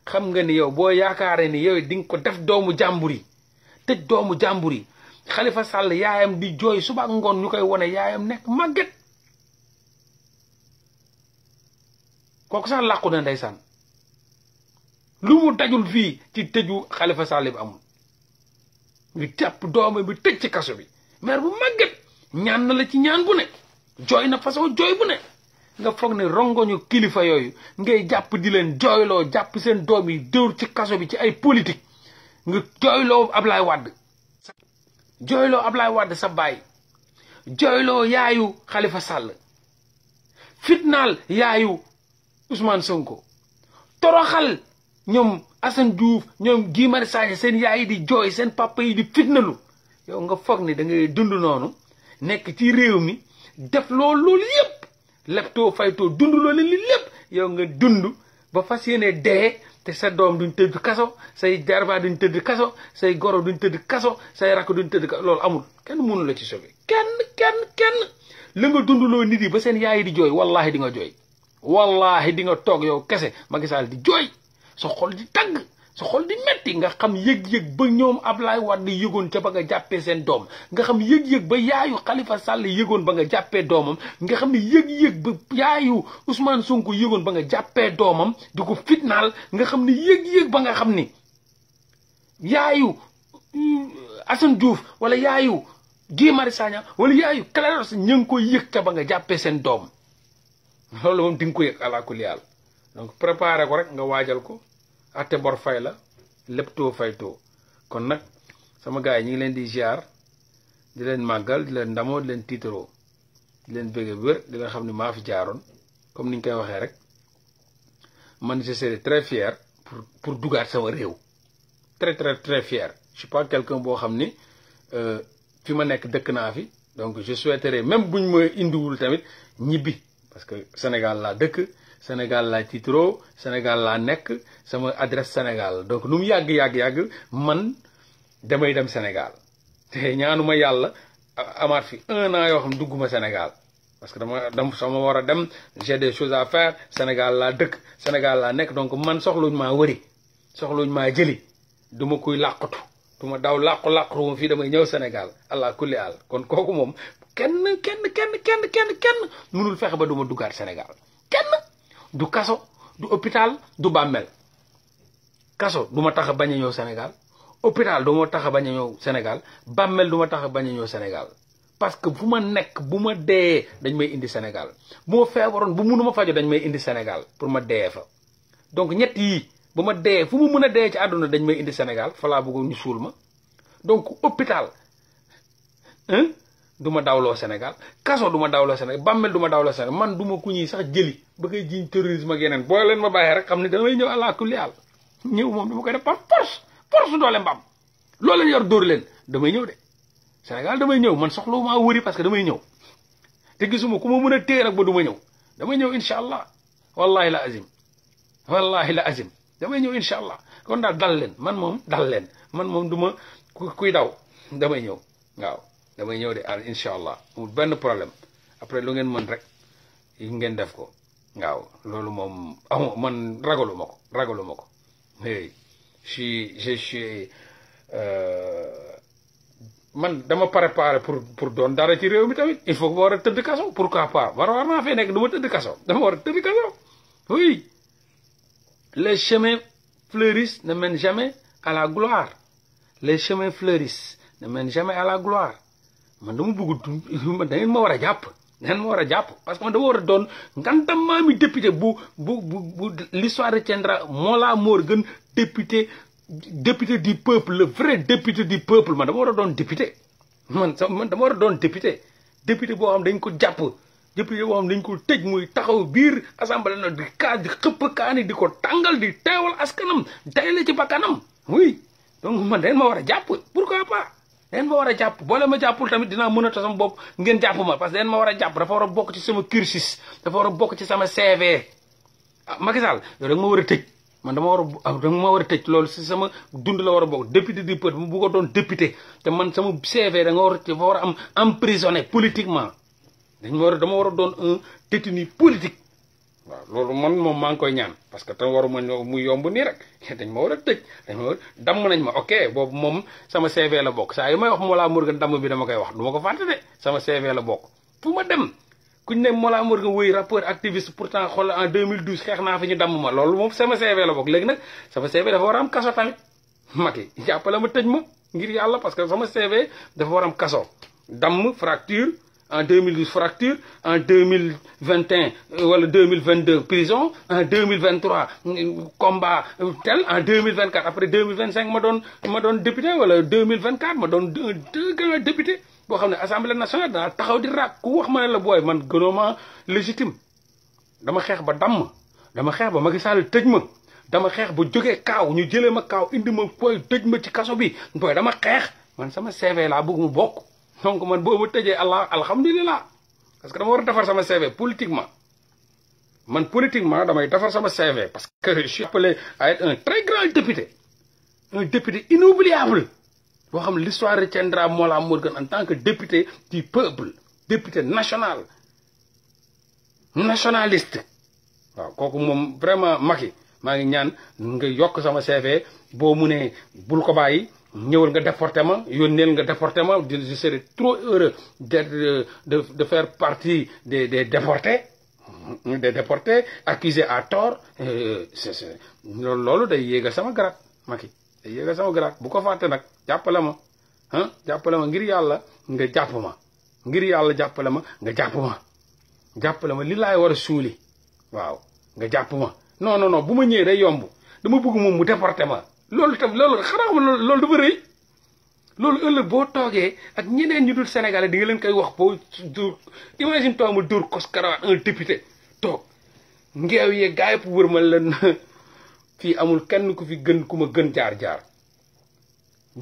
xam nga ni yow boo yaakaaree ni yow dinga ko def doomu jàmbur yi tëj doomu jàmbur yi Xalifa Sàll yaayam di jooy suba ak ngoon ñu koy wone yaayam nekk màgget kooku sax làqu na ndeysaan lu mu dajul fii ci tëju Xalifa Sàll bi amul ñu jàpp doomam bi tëj ci kaso bi maire bu màgget ñaan na la ci ñaan bu ne jooy na faso jooy bu ne nga foog ne rongoñu kilifa yooyu ngay jàpp di leen jooyloo jàpp seen doom yi dóor ci kaso bi ci ay politique nga jooyloo Ablaye Wade jooyloo Ablaye Wade sa baay jooyloo yaayu Khalifa sàll fitnaal yaayu Ousmane Sonko toroxal ñoom Assane Diouf ñoom Guy Marius Sagna seen yaay di jooy seen papa yi di fitnalu yow nga foog ni da dund noonu nekk ci réew mi def loo loolu yépp leptoo faytoo dund loolu li lépp yow nga dund ba fas yéene dee te sa doom duñ tëdd kaso say jarba duñ tëdd kaso say goro duñ tëdd kaso say rakk duñ tëdd kaso loolu amul kenn mënu la ci sauver kenn kenn kenn la nga dund loo nit yi ba seen yaay di jooy wallahi di nga jooy wallahi di nga toog yow kese Macky Sall di jooy sa xol di tagg sa xol di metti nga xam yëg-yëg ba ñoom Ablaye Wade yëgoon ca ba nga jàppee seen doom nga xam yëg-yëg ba yaayu xalifa Sall yëgoon ba nga jàppee doomam nga xam ne yëg-yëg ba yaayu Ousmane Sonko yëgoon ba nga jàppee doomam di ko fitnaal nga xam ne yég yég ba nga xam ni yaayu mm, Assane Diouf wala yaayu Guy Marius Sagna wala yaayu Clédor ña ngi koy yëg ca ba nga jàppee seen doom loolu moom di nga ko yëg alaakulli donc préparer ko rek nga waajal ko. atte bor fay la lépp fay too kon nak sama gaay ñi ngi leen di ziar di leen magal di leen ndamo di leen tiitaroo di leen bëgge wër di la xamni ma fi jaaroon comme ni ñu koy waxé rek man je serai très fier pour pour dugaat sama rew très très très fier je suis pas quelqu'un bo xamni euh fi ma nekk dekk na fi donc je souhaiterais même buñ ma indiwul tamit ñibbi parce que Sénégal la dekk Sénégal laa tiitaroo Sénégal laa nekk sama adresse Sénégal donc nu mu yàgg yàgg yàgg man damay dem Sénégal te ma yàlla amaat fi un an yoo xam dugguma Sénégal parce que dama dama sama war a dem j'ai des choses à faire Sénégal laa dëkk Sénégal laa nekk donc man soxluñ maa wëri soxluñ maa jëli duma kuy làqatu du ma daw làqu làqatu ma fii damay ñëw Sénégal allah kulli àll kon kooku moom kenn kenn kenn kenn kenn kenn fexe ba du ma duggaat Sénégal kenn. du kaso du hôpital du bàmmel kaso du ma tax a bañ a ñëw Sénégal hôpital du ma tax a bañ a ñëw Sénégal bàmmel du ma tax a bañ a ñëw Sénégal parce que fu ma nekk bu ma dee dañ may indi Sénégal bu ma feebaroon bu mënu ma fajo dañ may indi Sénégal pour ma dee fa donc ñett yii bu ma dee fu mu mën a dee ci àdduna dañ may indi Sénégal falaa bëggoon ñu suul ma donc hôpital hein du ma dawloo Sénégal kaso du ma dawloo Sénégal bàmmel du ma dawloo Sénégal man duma ma ku ñuy sax jëli ba koy jiiñ terrorisme ak yeneen boo leen ma bàyyee rek xam ne damay ñëw àllaa kulli àll ñëw moom dama koy def par force force doole mbaam loo yor dóor damay ñëw de Sénégal damay ñëw man soxla maa wëri parce que damay ñëw te gisuma ku ma mën a téye nag ba du ma ñëw damay ñëw incha allah wallahi la azim wallahi la azim damay ñëw incha allah kon dal leen man moom dal leen man moom du ma kuy daw damay ñëw damay ah, problème après lu ngeen rek ngeen def ko man je je suis euh, man dama pour pour dara il faut que war pourquoi pas oui les chemins fleurissent ne mènent jamais à la gloire les chemins fleurissent ne mènent jamais à la gloire man dama bëgg da ngeen ma war a jàpp da ngeen war a jàpp parce que man dama war a doon ngantam maami député bu bu bu bu l'histoire retiendra Mollah Morgun député député du peuple le vrai député du peuple man dama war a doon député man sa man dama war doon député député boo xam dañ ko jàpp député boo xam dañ ko tëj muy taxaw biir assemblée na di kaas di xëpp kaani di ko tàngal di teewal askanam day la ci bakkanam oui donc man da war a jàpp pourquoi pas leen ma war a jàpp boole ma jàppul tamit dinaa mën a tasam bopp ngeen jàpp ma parce que leen ma war a jàpp dafa war a bokk ci sama cursus dafa war a bokk ci sama CV ah Macky Sall yow da war a tëj man dama war a da nga ma war a tëj loolu si sama dund la war a bokk député du peuple bu ko doon député te man sama CV da nga war dafa war a am emprisonné politiquement dañ ma war a dama war a doon un détenu politique waaw loolu man moom maa ngi koy ñaan parce que tam waruma ñëw muy yomb nii rek dañ a tëj ma war nañ ma ok boobu moom sama CV la bokk saa yu may wax Mollah Morgun damm bi dama koy wax du ma ko fàtte de sama CV la bokk ma dem kuñ ne Mollah Morgun wuy rappeur activiste pourtant xool en 2012 xeex naa fi ñu damm ma loolu moom sama CV la bokk léegi nag sama CV dafa war a am kaso tamit Macky jàppale ma tëj ma ngir yàlla parce que sama CV dafa war am kaso damm fracture en 2008 fracture, en 2021 euh, wala 2022 prison, en 2023 euh, combat euh, tel, en 2024 après 2025 ma donne ma donne député wala 2024 ma donne deux grands députés pour xam assemblée nationale dans taxaw di raak ku wax man ne la man gënooma légitime dama xeex ba damm dama xeex ba Macky Sall dans ma dama xeex ba jógee kaaw ñu jëlee ma kaaw indi ma booy tëj ma ci kaso bi booy dama xeex man sama CV laa bëgg mu bokk donc man boobu tëjee allah alhamdulillah parce que dama war defar sama CV politiquement man politiquement damay defar sama CV parce que je suis appelé un très grand député un député inoubliable boo xam ne l'histoire retiendra Mollah en tant que député du peuple député national nationaliste waaw kooku moom vraiment Macky maa ngi ñaan nga yokk sama CV boo mu ne bul ko bàyyi nga nga je serais trop heureux euh, de faire partie des déportés mm, des déportés accusés à tort euh, c'est c'est day veux sama maki day sama bu ko faté nak jappalama hein jappalama ngir yalla nga jappuma ngir yalla jappalama nga non non non déporté loolu tam loolu xanaa loolu dafa rëy loolu ëllëg boo toogee ak ñeneen ñu dul Sénégalais di nga leen koy wax boo dóor imagine toi ma dóor kos karawaat un député toog ngeew yee gaa yëpp wër ma leen fii amul kenn ku fi gën ku ma gën jaar-jaar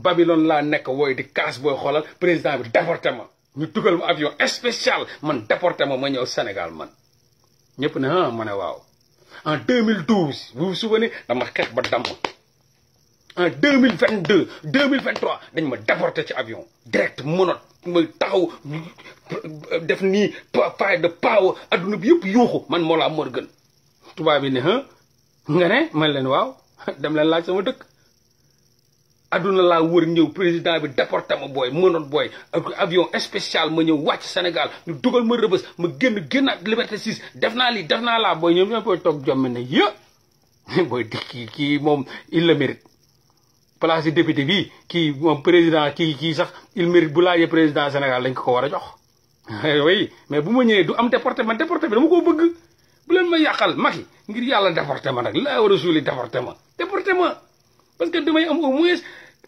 Babylone laa nekk wooy di kaas booy xoolal président bi déporté ñu dugal ma avion spécial man déporté ma ma ñëw Sénégal man ñëpp na ah ma ne waaw en 2012 bu vous souvenez dama xeex ba damm en deux mille vingt deux deux mille vingt trois dañ ma déporté ci avion direct monote may taxaw def nii faay de paaw adduna bi yëpp yuuxu man moo Mollah Morgun tubaab bi ne nga ne man leen waaw dem leen laaj sama dëkk adduna laa wër ñëw président bi déporté ma booy mënoon booy avion spécial ma ñëw wàcc Sénégal ñu dugal ma rëbës ma génn génnaat liberté 6 def naa lii def naa laa booy ñoom ñoo koy toog jomm ne yë booy dikki kii moom il le place député bii kii moom président kii kii sax il mérite bu laajee président Sénégal lañ ko ko war a jox eh oui mais bu ma ñëwee du am déporté man déporté bi dama koo bëgg bu leen ma yàqal Macky ngir yàlla déporté ma nag laa war a suuli déporté ma déporté ma parce que damay am au moins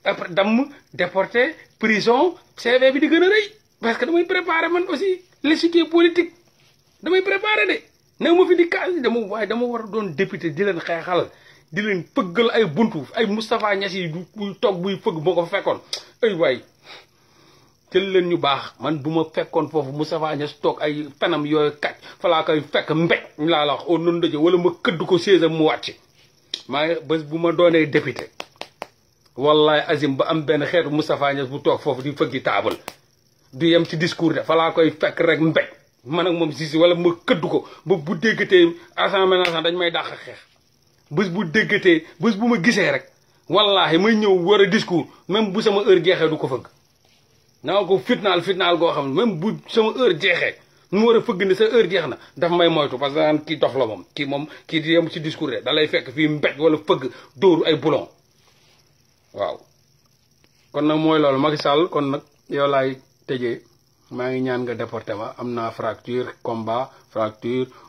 après damm déporté prison CV bi di gën a parce que damay préparé man aussi l'échiquier politique damay préparé de néew ma fi di kaas dama waaye dama war a doon député di leen xeexal di leen fëggal ay buntu ay Moustapha Niass yi buy toog buy fëgg boo ko fekkoon ay waay jël leen ñu baax man bu ma fekkoon foofu Moustapha Niass toog ay fenam yooyu kàcc falaa koy fekk mbéj laa la wax au non dëjë wala ma këdd ko séesam mu wàcc maa bés bu ma doonee député wallahi azim ba am benn xeetu Moustapha bu toog foofu di fëggi taabal du yem ci discours de falaa fekk rek mbéj man moom sisi wala ma këdd ko ba bu déggatee assemblée nationale dañ may dàq xeex bés bu déggatee bés bu ma gisee rek wallaahi may ñëw war a discours même bu sama heure jeexee du ko fëgg naa ko fitnaal fitnaal goo xam ne même bu sama heure jeexee mu war a fëgg ne sa heure jeex na daf may moytu parce que daan kii dof la moom kii moom kii di yem si discours de da lay fekk fii mbéj wala fëgg dóor ay boulon waaw kon nag mooy loolu Macky Sall kon nag yow lay tëjee maa ngi ñaan nga déporté ma am naa fracture combat fracture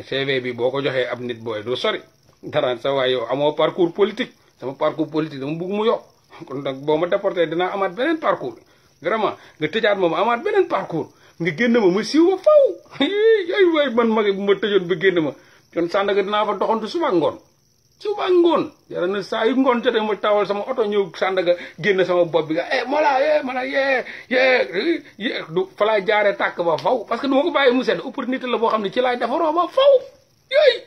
CV bi boo ko joxee ab nit booy du sori dara sa waay yow amoo parcours politique sama parcours politique dama bugg mu yo kon nag boo ma déporté dinaa amaat beneen parcours vraiment nga tëjaat moom amaat beneen parcours nga génn ma ma siiw ma faw ay waay man magi bu ma tëjoon ba génn ma kon Sandaga dinaa fa doxantu suba ngoon suba ngoon yàlla saa yu ngoon jotee ma tawal sama oto ñëw sàndaga génn sama bopp bi nga eh Mollah eh Mollah yee yee du fa jaaree tàkk ba faw parce que du ma ko bàyyi mu sedd opportunité la boo xam ne ci laay defaroo ma faw yooyu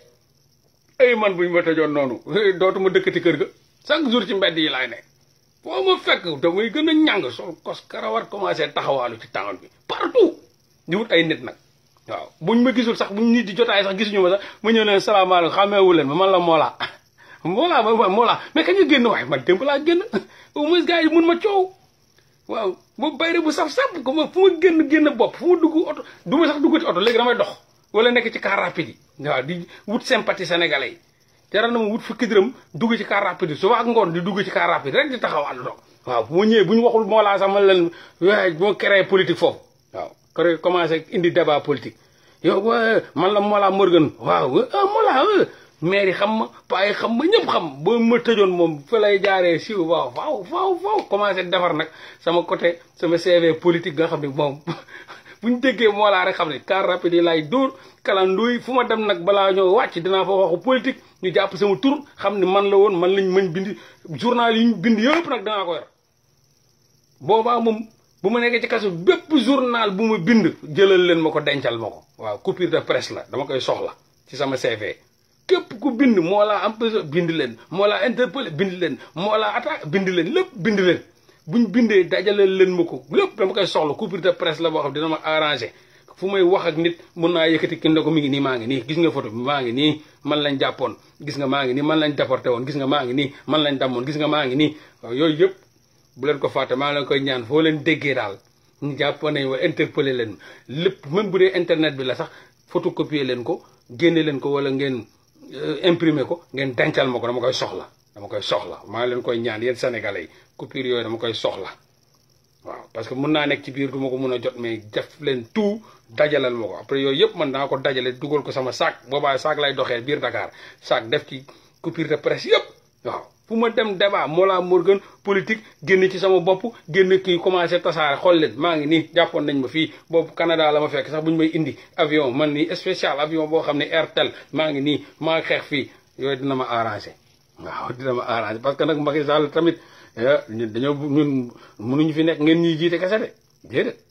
ay man buñ ma tëjoon noonu eh, dootuma dëkkati kër ga chaque jour ci mbedd yi laay ne foo ma fekk damay gën a ñàng soo kos karawat commencé taxawaalu ci tàngoor bi partout di ay nit nag waaw bu ñu ma gisul sax bu nit di jotaay sax gisuñu ma sax ma ñëw leen salaamaaleykum xàmmeewu man la Mollah Mollah ma Mollah mais kañ nga génn waaye man démb laa génn au moins gars yi mun ma coow waaw ma bayre bu saf-saf ko ma fu ma génn génn bopp fu ma dugg oto du ma sax dugg ci oto léegi damay dox wala nekk ci car rapide yi waaw di wut sympathie sénégalais yi jaral na ma wut fukki dërëm dugg ci car rapide yi suba ak ngoon di dugg ci car rapide rek di taxawal dox waaw bu ma ñëwee bu ñu waxul Mollah sax ma leen waaye boo créé politique foofu waaw créé commencé indi débat politique yow man la Mollah Morgun waaw Mollah maire yi xam ma paa yi xam ma ñëpp xam boo ma tëjoon moom fa lay jaaree siiw waaw waaw waaw waaw commencé defar nag sama côté sama CV politique nga xam ne moom bu déggee moo laa xam ne car rapide dóor kalanduy fu ma dem nag balaa ñoo wàcc dinaa fa waxu ñu jàpp sama tur xam ne man la woon man lañ mën bind journal yi ñu bind yëpp nag danaa boobaa moom bu ma nekkee ci kaso bépp journal bu ma bind jëlal leen ma ko dencal ma ko waaw coupure de presse la dama koy soxla ci sama CV képp ku bind moo laa empêché bind leen moo laa interpellé bind leen moo laa attaque bind leen lépp bind leen buñ bindee dajale leen ma ko lépp dama koy soxla coupure de boo xam dina ma arrangé fu may wax ak nit mun naa yëkkati ki ne ko mi ngi nii maa ngi nii gis nga photo maa ngi nii man lañ jàppoon gis nga maa ngi nii man lañ déporté woon gis nga maa ngi nii man lañ dammoon gis maa ngi nii waaw yooyu bu leen ko maa ngi leen koy ñaan foo leen déggee daal ñu jàpp nañ wa interpellé leen lépp même bu dee internet bi la sax photocopier leen ko génne leen ko wala ngeen Euh, imprimer ko ngeen dencal ma ko dama koy soxla dama koy soxla maa leen koy ñaan yéen sénégalais yi coupure yooyu dama koy soxla waaw parce que mun naa nekk ci biir du ma ko mun a jot mais def leen tout dajalal ma ko après yooyu yëpp man naa ko dajale dugal ko sama saak boobaa saak lay doxee biir Dakar saak def ci coupure de presse yëpp waaw. fu ma dem débat Mollah Morgun politique génn ci sama bopp génn kii commencé tasaare xool leen maa ngi nii jàppoon nañ ma fii boobu Canada la ma fekk sax bu ñu may indi avion man nii spécial avion boo xam ne airtel maa ngi nii maa xeex fii yooyu dina ma arrangé waaw dina ma arrangé parce que nag Macky Sall tamit eh, ñun dañoo ñun mënuñu fi nekk ngeen ñuy jiite kese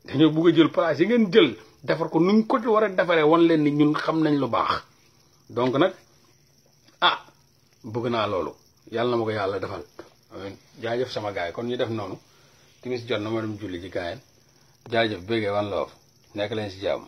dañoo bugg a jël place yi ngeen jël defar ko nuñ ko war a defaree wan leen ni ñun xam nañ lu baax donc nag ah bëgg naa loolu. yàlla na ma ko yàlla defal amiin jaajëf sama gaay kon ñu def noonu timis jot na ma dem julli ji gaayeen jaajëf béggee wan loof nekk leen si jàmm